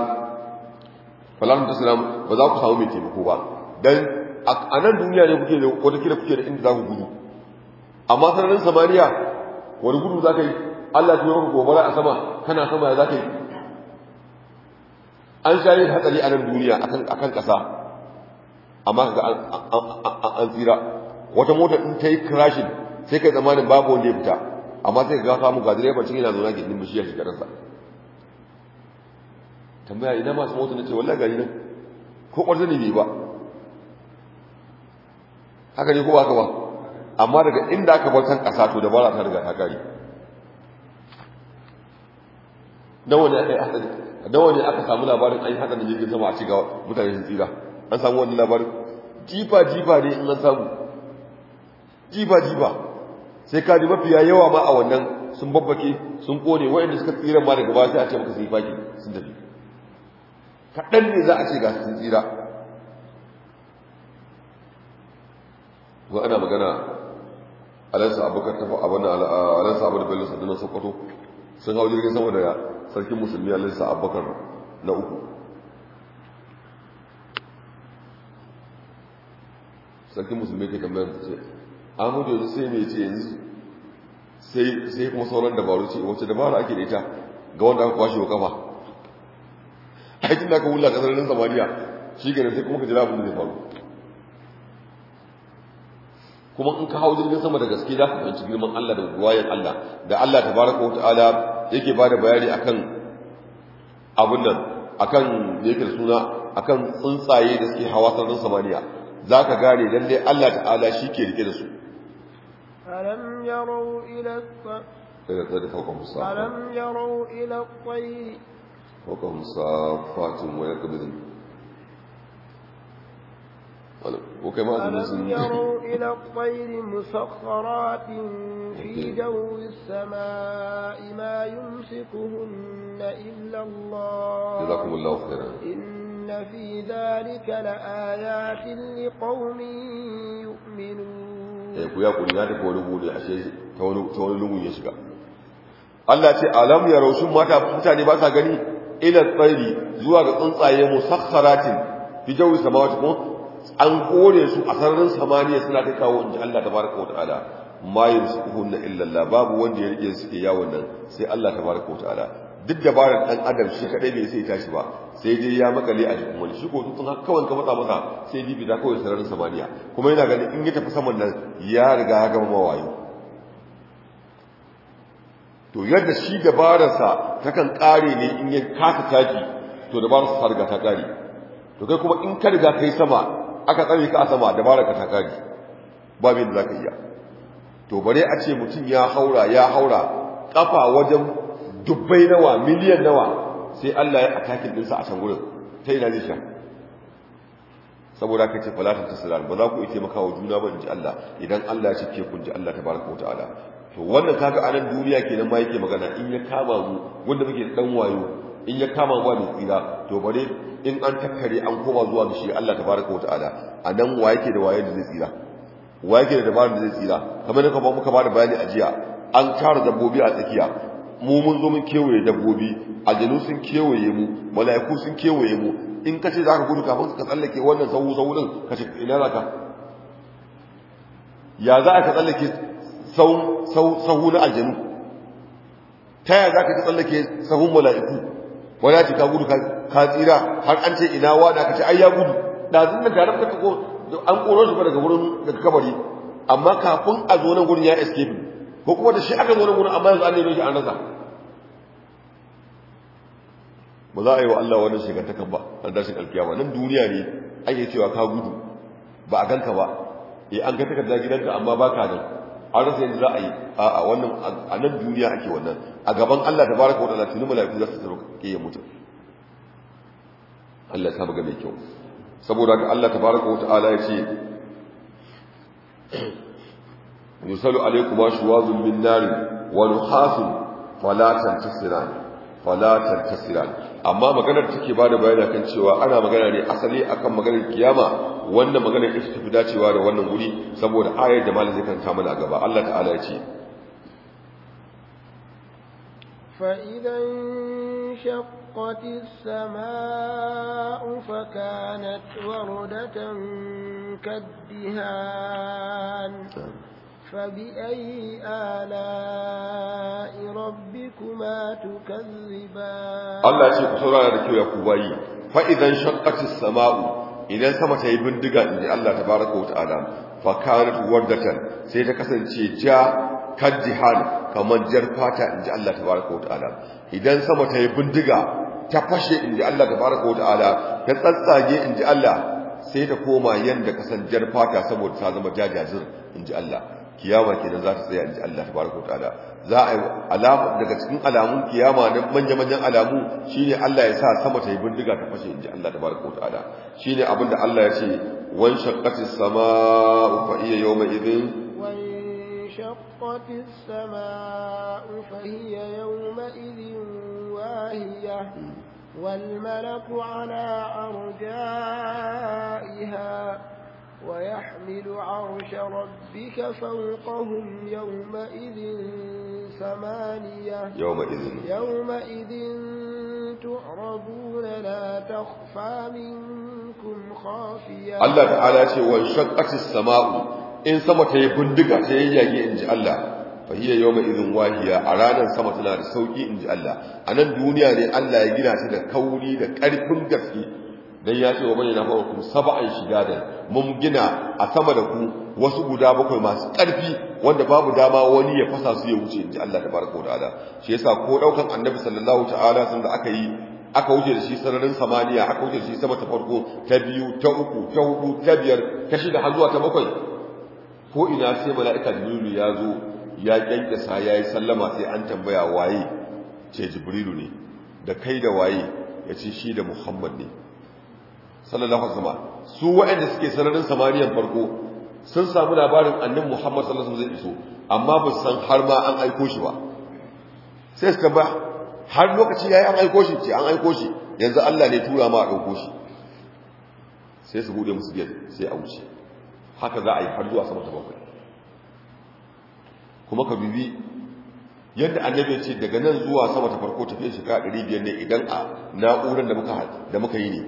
fala tantasiran ba za ku samu mai taimako ba dan a nan duniya ne kuke da wata kira kuke da inda za ku gudu amma sanarin samaniya wani gudu za ka yi Allah ya maka gobara a sama kana sama ya za ka yi an sha yin hatsari a nan duniya a kan ƙasa amma ga an tsira wata mota in ta yi crashing sai kai tsammanin babu wanda ya fita amma sai ka mu ga direban cikin yana zaune a gindin bishiyar shigararsa tambaya ina masu mota na ce wallahi gari nan ko kwarza ne ne ba haka ne ko ba haka ba amma daga inda aka bar kan kasa to da ba ta riga ta kare nawa ne aka samu labarin an yi haka da jirgin sama a ci mutane sun tsira an samu wani labarin jifa jifa ne in an samu jifa jifa sai ka ji mafiya yawa ma a wannan sun babbake sun kone wa'anda suka tsira ma daga ba sai a ce maka sai faki sun tafi kaɗan ne za a ce ga sun tsira ana magana alansa abokan tafi abin alansa abin da bello sandunan sokoto sun hau jirgin sama da sarkin musulmi alansa abokan na uku sarkin musulmi ke tambayar ta ce hudu yanzu sai mai ce yanzu sai kuma sauran dabaru ce wacce dabara ake da ita ga wanda aka kwashe wa kafa aikin da aka wula kasar nan samariya shi gane sai kuma ka jira abin da zai faru kuma in ka hau jirgin sama da gaske za ka fahimci girman Allah da ruwayan Allah da Allah ta tabaraka wa ta'ala yake ba da bayani akan abin nan akan da yake suna akan tsuntsaye da suke hawa sararin samariya za ka gane lalle Allah ta'ala shi ke rike da su ألم يروا إلى الطير wakan sa fatin waya kabirin wakai ma su nisan yi yaro ila kwairin musakharatin fi jawon sama ima yin sikuhun na illallah inna fi zalika na ayatin liƙaunin ya yi kuya kuni ya ta kori buri a ta wani lungun ya shiga Allah ce alam yaro sun mata mutane ba sa gani ila tsari zuwa ga tsuntsaye musakharatin fi jawi samawati ko an kore su a sararin samaniya suna ta kawo inji Allah tabaraka wataala ma yamsukuhun illa Allah babu wanda ya rike su ke yawon nan sai Allah tabaraka wataala duk dabarar dan adam shi kadai bai sai tashi ba sai dai ya makale a cikin wani shi ko tun haka kawai ka mata sai bibi da kawai sararin samaniya kuma yana ganin in ya tafi saman nan ya riga ya gama mawayo to yadda shi dabararsa takan ƙare ne in ya kasa taki to dabararsa ta riga ta kare to kai kuma in ka riga kai sama aka tsare ka a sama dabararka ta kare ba me da ka iya to bare a ce mutum ya haura ya haura ƙafa wajen dubbai nawa miliyan nawa sai Allah ya atakin dinsa a can gurin ta ina zai sha saboda ka ce tasirar ba za ku ite wa juna ba in ji Allah idan Allah ya ce ke kun ji Allah ta baraka wa ta'ala to wannan kaga anan duniya kenan ma yake magana in ya kama mu wanda muke dan wayo in ya kama mu mai tsira to bare in an takkare an koma zuwa ga shi Allah tabaraka wa ta'ala anan wa yake da wayar da zai tsira wa yake da dabarar da zai tsira kamar da kuma muka bada bayani a jiya an kare dabbobi a tsakiya mu mun zo mun kewaye dabbobi aljanu sun kewaye mu mala'iku sun kewaye mu in ka ce za ka gudu kafin ka tsallake wannan sahu sahu din ka ce ina za ka ya za ka tsallake Sahun aljanu ta yaya za ka ci tsallake sahun mala'iku wala ce ka gudu ka tsira har an ce ina wa da aka ce ai gudu da zan nan tare da an koro shi daga wurin daga kabari amma kafin a zo nan gurin ya escape ko kuma da shi aka zo nan gurin amma yanzu an nemi shi an rasa ba za a yi wa Allah wannan shigantakan ba a dashin alkiyama nan duniya ne ake cewa ka gudu ba a ganka ba eh an ga takarda gidanka amma ba ka nan har rasa za a yi a'a wannan a nan duniya ake wannan a gaban Allah tabaraka wa ta'ala tuni mala'iku za su tsaro ya mutu. Allah ta buga mai kyau saboda haka Allah tabaraka wa ta'ala ya ce yusalu alaykuma ashwazun min nar wa nuhasun fala tantasiran fala tantasiran amma maganar take bada bayani kan cewa ana magana ne asali akan maganar kiyama wannan maganar ita tafi dacewa da wannan wuri saboda ayar da malin zikan ta mana gaba Allah ta'ala ya ce fa’idan shakwati sama’u fakanat warudatan kaddihan fabi’ayi ala’i rabbi sama’u idan sama ta yi bindiga in ji Allah ta baraka wata adam fakarar wardatan sai ta kasance ja hannu kamar jar fata in ji Allah ta wata adam idan sama ta yi bindiga ta fashe in ji Allah ta wata adam ta tsatsage in ji Allah sai ta koma yanda kasan jar fata saboda ta zama jajazin in ji Allah kiyama kenan za ta tsaya inji Allah tabaraka ta'ala za a yi alama daga cikin alamun kiyama na manya-manyan alamu shine Allah ya sa sama ta yi bindiga ta fashe inji Allah tabaraka ta'ala shine abin da Allah ya ce wan shaqqati samaa'u fa iya yawma idhin wan shaqqati samaa'u fa hiya yawma idhin wahiyah والملك على أرجائها ويحمل عرش ربك فوقهم يومئذ ثمانية يومئذ, يومئذ تعرضون لا تخفى منكم خافية الله تعالى وانشقت السماء in sama tayi bindiga ta yayyage in ji Allah fa hiya yawma idhin wahiya a ranar sama tana da sauƙi in ji Allah a nan duniya ne Allah ya gina ta da kauri da ƙarfin gaske dan ya ce wa bayyana fa hukum sab'an da mun gina a sama da ku wasu guda bakwai masu karfi wanda babu dama wani ya fasa su ya wuce inji Allah tabaraka wa ta'ala shi yasa ko daukan annabi sallallahu ta'ala sun da aka yi aka wuce da shi sararin samaniya aka wuce da shi sama ta farko ta biyu ta uku ta hudu ta biyar ta shida har zuwa ta bakwai ko ina sai mala'ika jibrilu ya zo ya kyankyasa ya yi sallama sai an tambaya waye ce jibrilu ne da kai da waye ya ce shi da muhammad ne sallallahu alaihi wasallam su waɗanda suke sararin samariyan farko sun samu labarin annabi Muhammad sallallahu alaihi wasallam zai iso amma ba san har ma an aiko shi ba sai suka ba har lokaci yayi an aiko shi ce an aiko shi yanzu Allah ne tura ma a dauko shi sai su bude musu gidan sai a wuce haka za a yi har zuwa sama ta bakwai kuma ka bibi yadda annabi ya ce daga nan zuwa sama ta farko tafiya shekara 500 ne idan a na'urar da muka da muka yi ne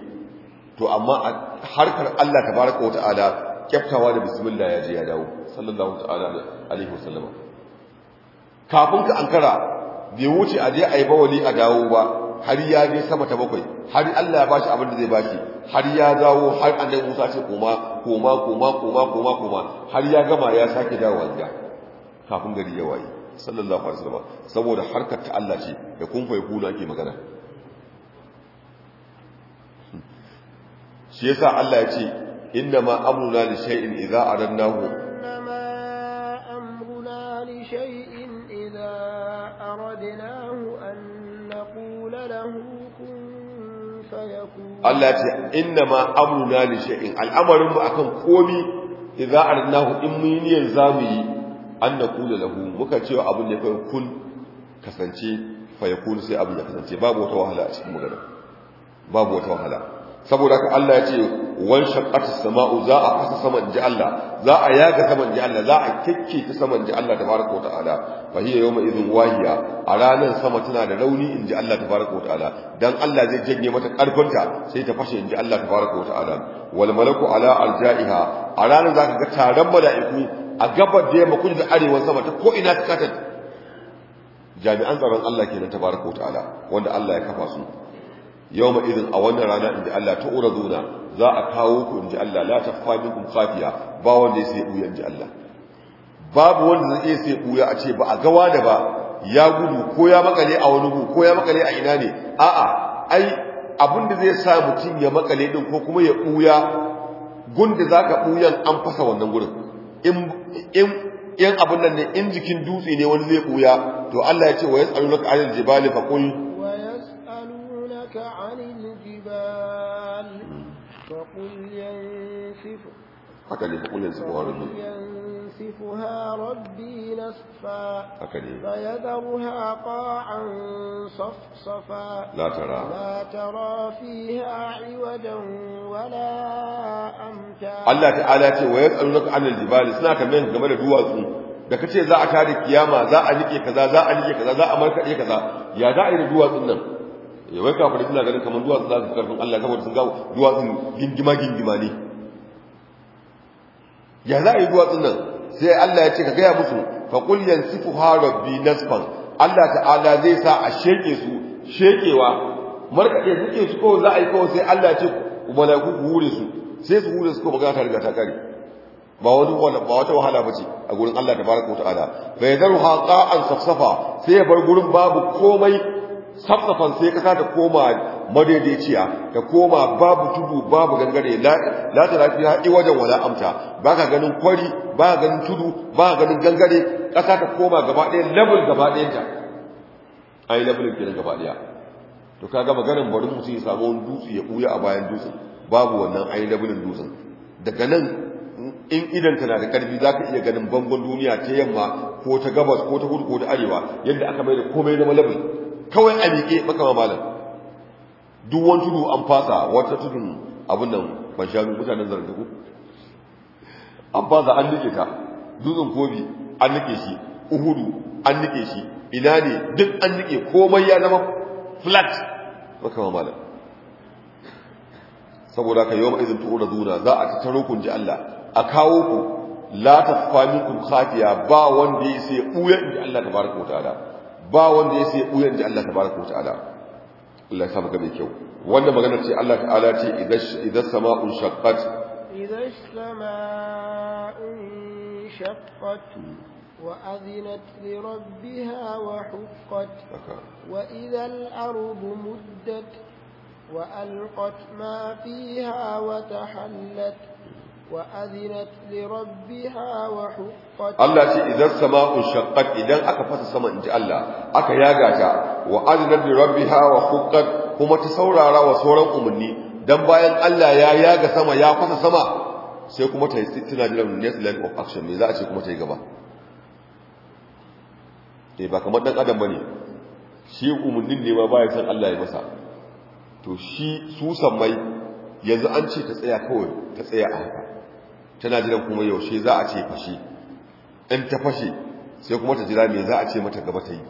to amma a harkar Allah tabaraka wa ta'ala kyaftawa da bismillah ya je ya dawo sallallahu ta'ala alaihi wasallam kafin ka ankara bai wuce a je ayi bawali a dawo ba har ya je sama ta bakwai har Allah ya bashi abin da zai bashi har ya dawo har annabi Musa ce koma koma koma koma koma koma har ya gama ya sake dawowa gida kafin gari ya waye sallallahu alaihi wasallam saboda harkar ta Allah ce da kun fa yakuna ake magana shi yasa Allah ya ce inna ma amruna li shay'in idza aradnahu inna ma amruna li shay'in idza aradnahu an naqula lahu kun fayakun Allah ya ce inna ma amruna li shay'in al'amarin mu akan komi idza aradnahu in mun yi zamu yi an naqula lahu muka cewa abin da kai kun kasance fayakun sai abin ya kasance babu wata wahala a cikin magana babu wata wahala saboda haka Allah ya ce wan shaqqatis sama'u za a fasa saman ji Allah za a yaga saman ji Allah za a ta saman ji Allah tabaraka wa ta'ala fa hiya yawma idhin wahiya a ranar sama tana da rauni in ji Allah tabaraka wa ta'ala dan Allah zai janye mata ta sai ta fashe in ji Allah tabaraka wa ta'ala wal malaku ala arja'iha a ranar zaka ga taron mala'iku a gabar da yamma kujin da arewa sama ta ko ina ta jami'an tsaron Allah kenan tabaraka wa ta'ala wanda Allah ya kafa su Yawma ma irin a wannan rana inda Allah ta ura za a kawo ku inji Allah la ta faɗi kun kafiya ba wanda ya sai ɓuya inji Allah babu wanda zai iya sai ɓuya a ce ba a gawa da ba ya gudu ko ya makale a wani gu ko ya makale a ina ne a'a ai abin da zai sa mutum ya makale din ko kuma ya ɓuya gunda za ka ɓuyan an fasa wannan gurin in yan abin nan ne in jikin dutse ne wani zai ɓuya to Allah ya ce wa ya tsaro laka anil jibali fa qul haka ne kun yanzu ko ينسفها ربي نسفا فيذرها قاعا صفصفا لا ترى لا ترى فيها عوجا ولا أمتا الله تعالى ويسألونك عن الجبال سنا كمان game da duwatsu da ka ce za a tare kiyama za a nike kaza za a nike kaza za a markaɗe kaza ya za a yi da duwatsun nan yawai eh, kafin suna ganin kamar duwatsun za su karfin Allah saboda sun ga duwatsun gingima gingima ne ya za a yi duwatsun nan sai Allah ya ce ka gaya musu fa qul yansifuha rabbi nasfan Allah ta'ala zai sa a sheke su shekewa markade suke su ko za a yi kawai sai Allah ya ce malaiku ku hure su sai su hure su ko magana ta riga ta kare ba wani wala ba wata wahala ba ce a gurin Allah tabaraka ta'ala fa yadruha qa'an safsafa sai ya bar gurin babu komai safsafan sai kasa ta koma madaidaiciya ta koma babu tudu babu gangare la ta lafi haɗi wajen wala amta ba ka ganin kwari ba ka ganin tudu ba ka ganin gangare ƙasa ta koma gaba ɗaya level gaba ɗaya ta a yi levelin kenan gaba ɗaya to ka ga maganin bari mutum ya samu wani dutse ya ɓuya a bayan dutsen babu wannan a yi levelin dutsen daga nan in idanka na da karfi za ka iya ganin bangon duniya ta yamma ko ta gabas ko ta kudu ko ta arewa yadda aka mai da komai na malabin kawai a miƙe maka mamalan duk wani tudu an fasa wata tudun abin nan ban sha biyu mutanen zarduku an fasa an nike ta dutsen kobi an nike shi uhudu an nike shi ina ne duk an nike komai ya zama flat maka mamala saboda ka yawon izin tuhu da zuna za a tattaro kun ji Allah a kawo ku la ta fami kun khafiya ba wanda ya sai ɓuya ji Allah ta baraka wata ba wanda ya sai ɓuya ji Allah ta baraka الله يسامح كذا كيو وانا ما قلنا شيء الله تعالى شيء إذا إذا السماء انشقت إذا السماء انشقت وأذنت لربها وحقت وإذا الأرض مدت وألقت ما فيها وتحلت وأذنت لربها وحقت الله تي إذا السماء sama إذا Allah, aka السماء ta. Wa أكا ياغاتا وأذنت لربها وحقت kuma ta saurara wa sauran umarni dan bayan Allah ya yaga sama ya kusa sama sai kuma ta yi tana da next line of action me za a ce kuma ta yi gaba eh ba kamar dan adam bane shi umarnin ne ma baya san Allah ya masa to shi su samai, yanzu an ce ta tsaya kawai ta tsaya a haka tana jiran kuma yaushe za a ce fashe in ta fashe sai kuma ta jira me za a ce mata gaba ta yi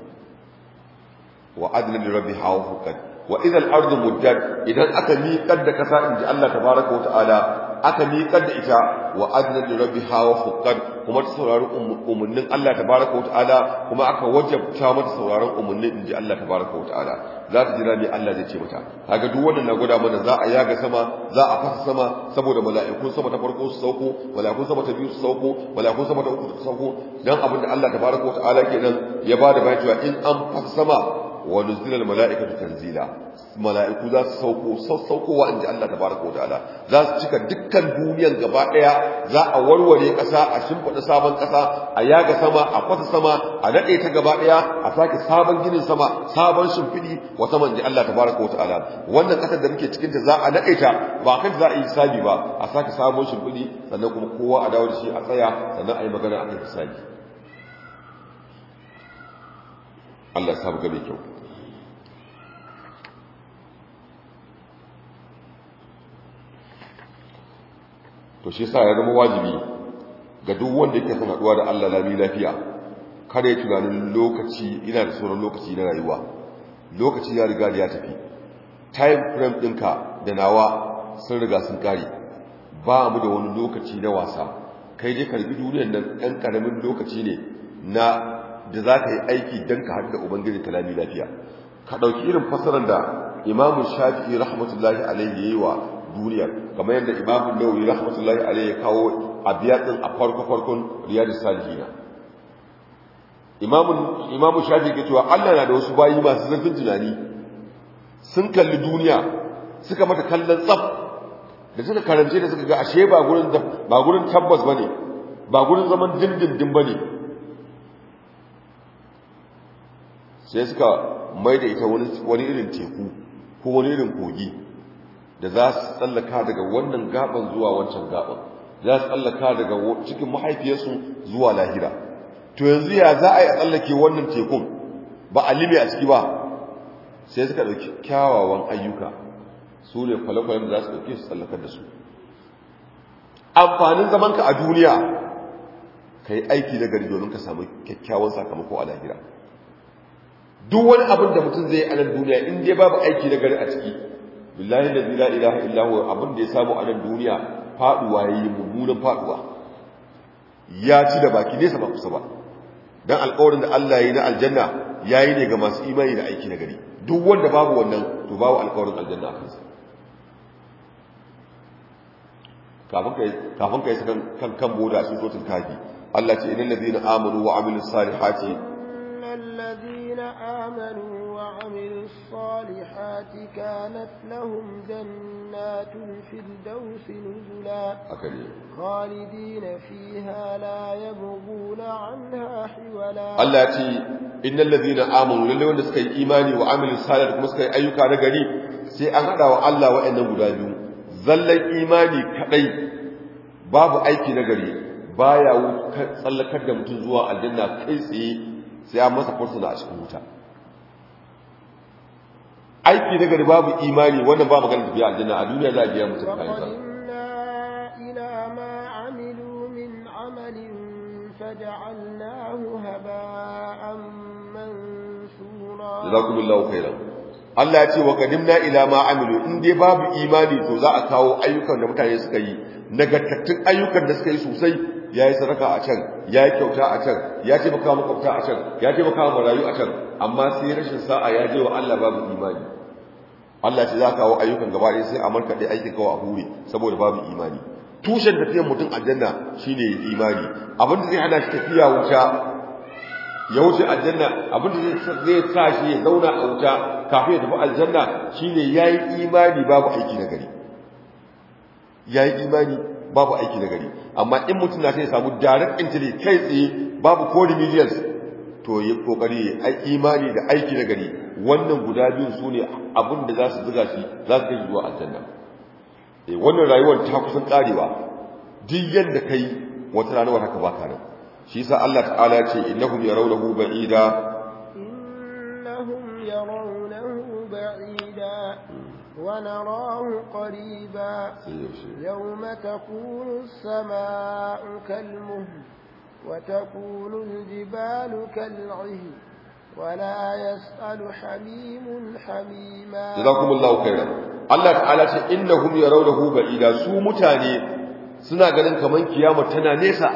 wa adnab li rabbi hawa hukan wa idal ardu muddat idan aka miƙar da ƙasa in ji Allah baraka wa ta'ala aka miƙar da ita wa adna da hawa hawa fukar kuma ta saurari um-, umarnin Allah Ta baraka wa ta'ala kuma aka wajabta mata sauraron umarnin inji Allah Ta baraka wa ta'ala za ta jira ne Allah zai ce mata kaga duk wannan na gwada mana za a yaga sama za a fasa sama saboda mala'ikun sama ta farko su sauko mala'ikun sama ta biyu su sauko mala'ikun sama ta uku su sauko dan abinda Allah Ta baraka wa ta'ala nan ya bada bayani cewa in an fasa sama wa mala'ika mala'ikatu tanzila mala'iku za su sauko wa inda Allah tabaraka wa ta'ala za su cika dukkan duniyan gaba daya za a warware ƙasa, a shimfada sabon kasa a yaga sama a kwata sama a dade ta gaba daya a sake sabon ginin sama sabon shimfidi wa sama ji Allah tabaraka wa ta'ala wannan kasar da muke cikin ta za a dade ta ba kan za a yi sabi ba a sake sabon shimfidi sannan kuma kowa a dawo da shi a tsaya sannan a yi magana a kan sabi. Allah ya ga gabe kyau to shi yasa ya zama wajibi ga duk wanda yake son haduwa da Allah lami lafiya kada ya tunanin lokaci ina da sauran lokaci na rayuwa lokaci ya riga da ya tafi time frame dinka da nawa sun riga sun kare ba mu da wani lokaci na wasa kai dai karbi duniyar nan ɗan karamin lokaci ne na da za ka yi aiki don ka da ubangiji ta lami lafiya ka ɗauki irin fasarar da imamun Shafi rahmatullahi alaihi ya yi wa duniya kamar yadda imamun nawawi rahmatullahi alaihi ya kawo a abiyadin a farko farkon Riyadu salihina imamun imamu shafi ke cewa Allah na da wasu bayi masu zafin tunani sun kalli duniya suka mata kallon tsaf da suka karance da suka ga ashe ba gurin ba ne, ba gurin zaman dindindin ba ne, sai suka mai da ita wani irin teku ko wani irin kogi da za su tsallaka daga wannan gaban zuwa wancan gaban za su tsallaka daga cikin mahaifiyarsu zuwa lahira to yanzu ya za a yi tsallake wannan tekun ba a libya a ciki ba sai suka ɗauki kyawawan ayyuka su ne kwale-kwalen da za su ɗauke su tsallakar da su amfanin zamanka a duniya ka yi aiki da gari domin ka sami kyakkyawan sakamako a lahira duk wani abin da mutum zai yi a nan duniya in dai babu aiki da gari a ciki billahi da la ilaha illahu abin da ya samu a nan duniya faduwa yayi mummunan faduwa ya ci da baki nesa ba kusa ba dan alƙawarin da Allah yayi na aljanna yayi ne ga masu imani da aiki na gari duk wanda babu wannan to babu alƙawarin aljanna a kansa kafin kai kafin kai kan kan boda shi sotin kafi Allah ce inna ladina amanu wa amilus salihati innal ladina amanu الصالحات كانت لهم جنات الفردوس نزلا خالدين فيها لا يبغون عنها حولا التي إن الذين آمنوا للي نسكي إيماني وعمل الصالح نسكي أيوكا نقري سيأهدا وعلا وإن قدامي zallan imani kadai باب أيك نقري gari baya tsallakar da mutum zuwa aljanna kai tsaye sai ya masa fursuna a cikin wuta aiki daga gari babu imani wannan ba magana biya aljanna a duniya za a biya mutum kayan sa jazakumullahu khairan Allah ya ce wa qadimna ila ma amilu in dai babu imani to za a kawo ayyukan da mutane suka yi nagartattun ayyukan da suka yi sosai ya yi sadaka a can ya yi kyauta a can ya maka makwabta a can ya ce maka marayu a can amma sai rashin sa'a ya je wa Allah babu imani Allah ce za ka kawo ayyukan gaba ɗaya sai a ɗaya aikin kawo a hure saboda babu imani tushen tafiyan mutum aljanna shine imani abinda zai hana shi tafiya wuta ya wuce aljanna abinda zai sa shi ya zauna a wuta kafin ya tafi aljanna shine yi imani babu aiki na gari ya yi imani babu aiki nagari, gari amma in mutum na sai samu direct entry kai tsaye babu ko remedials to yi kokari ai imani da aiki nagari gari wannan guda biyu su ne abin da za su zuga shi za su yi zuwa aljanna eh wannan rayuwar ta kusan karewa duk yanda kai wata rana haka baka nan shi sa Allah ta'ala ya ce innahum yarawnahu ba'ida ونراه قريبا يوم تكون السماء كالمهل وتكون الجبال كالعهن ولا يسأل حميم حميما جزاكم الله خيرا Allah ta'ala ce innahum yarawnahu ba'ida su mutane suna ganin kaman kiyama tana nesa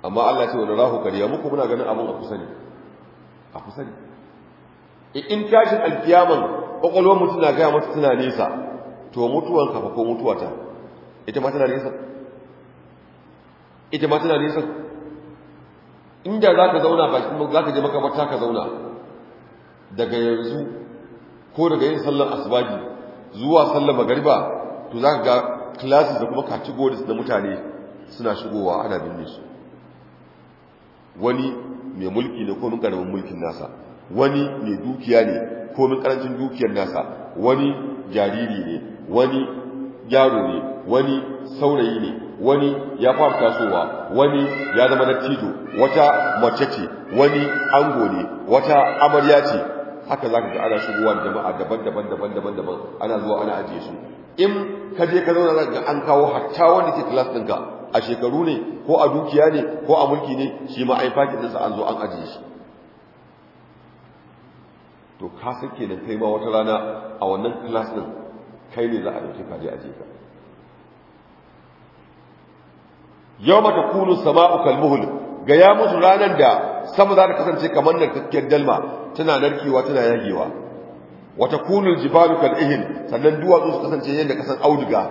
amma Allah ce wala rahu kariya muku muna ganin abun a kusa ne a in tashin alkiyaman ƙwaƙwalwar mutum na gaya masa suna nesa to mutuwan kafa ko mutuwata ita ma nesa ita ma nesa inda za ka zauna bakin za ka je ka zauna daga yanzu ko daga yin sallar asibaji zuwa sallar magariba to za ka ga klasi da kuma categories na mutane suna shigowa ana binne su wani mai mulki ne ko mun karamin mulkin nasa wani mai dukiya ne komin karancin dukiyar nasa wani jariri ne wani yaro ne wani saurayi ne wani ya fara tasowa wani ya zama dattijo wata mace ce wani ango ne wata amarya ce haka ka ga ana shigowa da jama'a daban-daban daban-daban daban ana zuwa ana ajiye su in ka je ka zauna ga an kawo hatta wanda ke class ɗinka a shekaru ne ko a dukiya ne ko a mulki ne shi ma ai fakin ɗinsa an zo an ajiye shi to ka san kenan kai ma wata rana a wannan class din kai ne za a dauke ka je aje ka yawma takunu sama'u kal muhl ga ya musu ranar da sama za ta kasance kamar kakkiyar dalma tana narkewa tana yagewa wata kunun jibalu kal sannan duwatsu su kasance yadda kasan auduga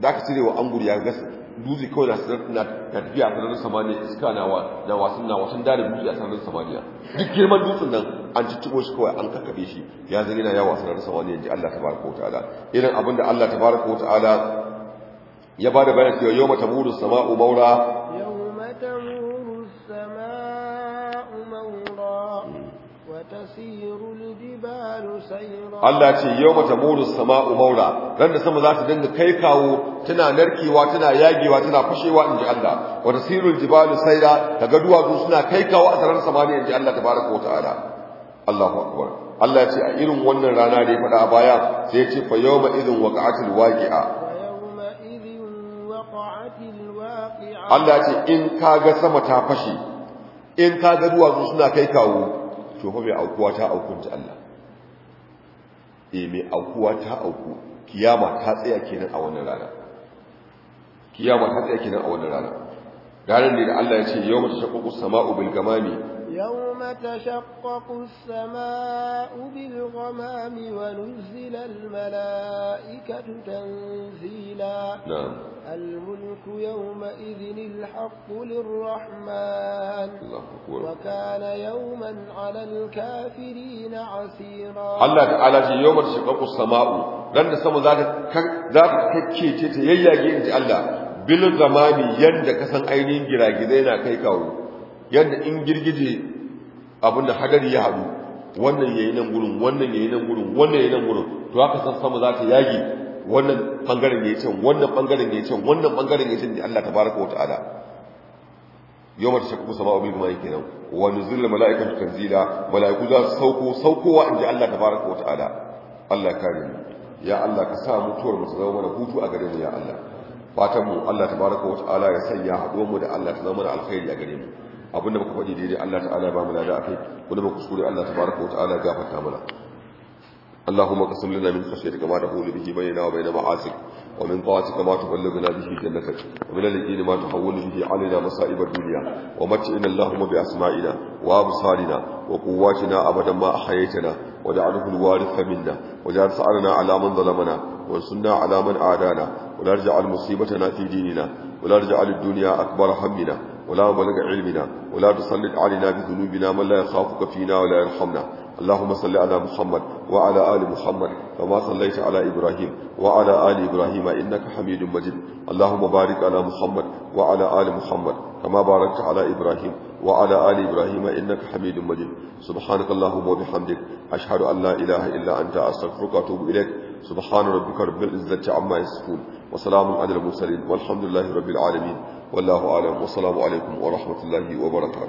da aka cirewa anguri ya gaske. dutse kawai na tafiya a sararin samaniya iska na wasan na wasan da dutse a sararin samaniya duk girman dutsen nan an cicciɓo shi kawai an kakkaɓe shi ya zan yana yawa a sararin samaniya ji Allah tabaraka ko ta'ala irin abin da Allah tabaraka ko ta'ala ya ba da bayan cewa yau mata buru sama'u maura Allah ce yau mata muru sama umaura ran da sama za ta dinga kai kawo tana narkewa tana yagewa tana fashewa inji Allah wa tasirul jibalu ta daga duwatsu suna kai kawo a sararin in inji Allah tabaraka wa ta'ala Allahu akbar Allah ce a irin wannan rana da ya faɗa a baya sai ya ce fa yawma idhin waqa'atil waqi'a Allah ce in ka ga sama ta fashe in kaga duwatsu suna kai kawo to fa mai aukuwa ta aukunta Allah e mai aukuwa ta auku kiyama ta tsaya kenan a wannan rana kiyama ta tsaya kenan a wannan rana ranar ne da Allah ya ce yau mata shakku sama'u bil gamami يوم تشقق السماء بالغمام ونزل الملائكة تنزيلا نعم الملك يومئذ الحق للرحمن وكان يوما على الكافرين عسيرا الله تعالى يوم تشقق السماء ran da sama zaka zaka ce ta yayyage inji Allah bil zamani yanda kasan ainihin giragizai na kai kawo yanda in girgije abin da hadari ya hadu wannan yayi nan gurin wannan yayi nan gurin wannan yayi nan gurin to haka san sama za ta yage wannan bangaren ya can wannan bangaren ya can wannan bangaren ya can da Allah tabaraka wa ta'ala yawma tashaqqu sama'u bil ma'i kenan wa nuzulul mala'ikatu tanzila mala'iku za su sauko saukowa inji Allah tabaraka wa ta'ala Allah kare mu ya Allah ka sa mutuwar mu zama mana hutu a gare mu ya Allah fatan mu Allah tabaraka wa ta'ala ya sanya haɗuwar mu da Allah ta zama mana alkhairi a gare mu abinda muka faɗi daidai Allah ta'ala ya ba mu lada akai kuma muka kuskure Allah tabaraka wa ta'ala ya gafarta mana اللهم اقسم لنا من خشيتك ما تحول به بيننا وبين معاصيك ومن طاعتك ما تبلغنا به جنتك ومن اليقين ما تحول به علينا مصائب الدنيا ومتعنا اللهم بأسمائنا وأبصارنا وقواتنا أبدا ما أحييتنا وجعله الوارث منا وجعل سعرنا على من ظلمنا وانصرنا على من أعدانا ولا تجعل مصيبتنا في ديننا ولا تجعل الدنيا أكبر همنا ولا بلغ علمنا ولا تسلط علينا بذنوبنا من لا يخافك فينا ولا يرحمنا اللهم صل على محمد وعلى آل محمد كما صليت على إبراهيم وعلى آل إبراهيم إنك حميد مجيد اللهم بارك على محمد وعلى آل محمد كما باركت على إبراهيم وعلى آل إبراهيم إنك حميد مجيد سبحانك اللهم وبحمدك أشهد أن لا إله إلا أنت أستغفرك وأتوب إليك سبحان ربك رب العزة عما يصفون وسلام على المرسلين والحمد لله رب العالمين والله أعلم والسلام عليكم ورحمة الله وبركاته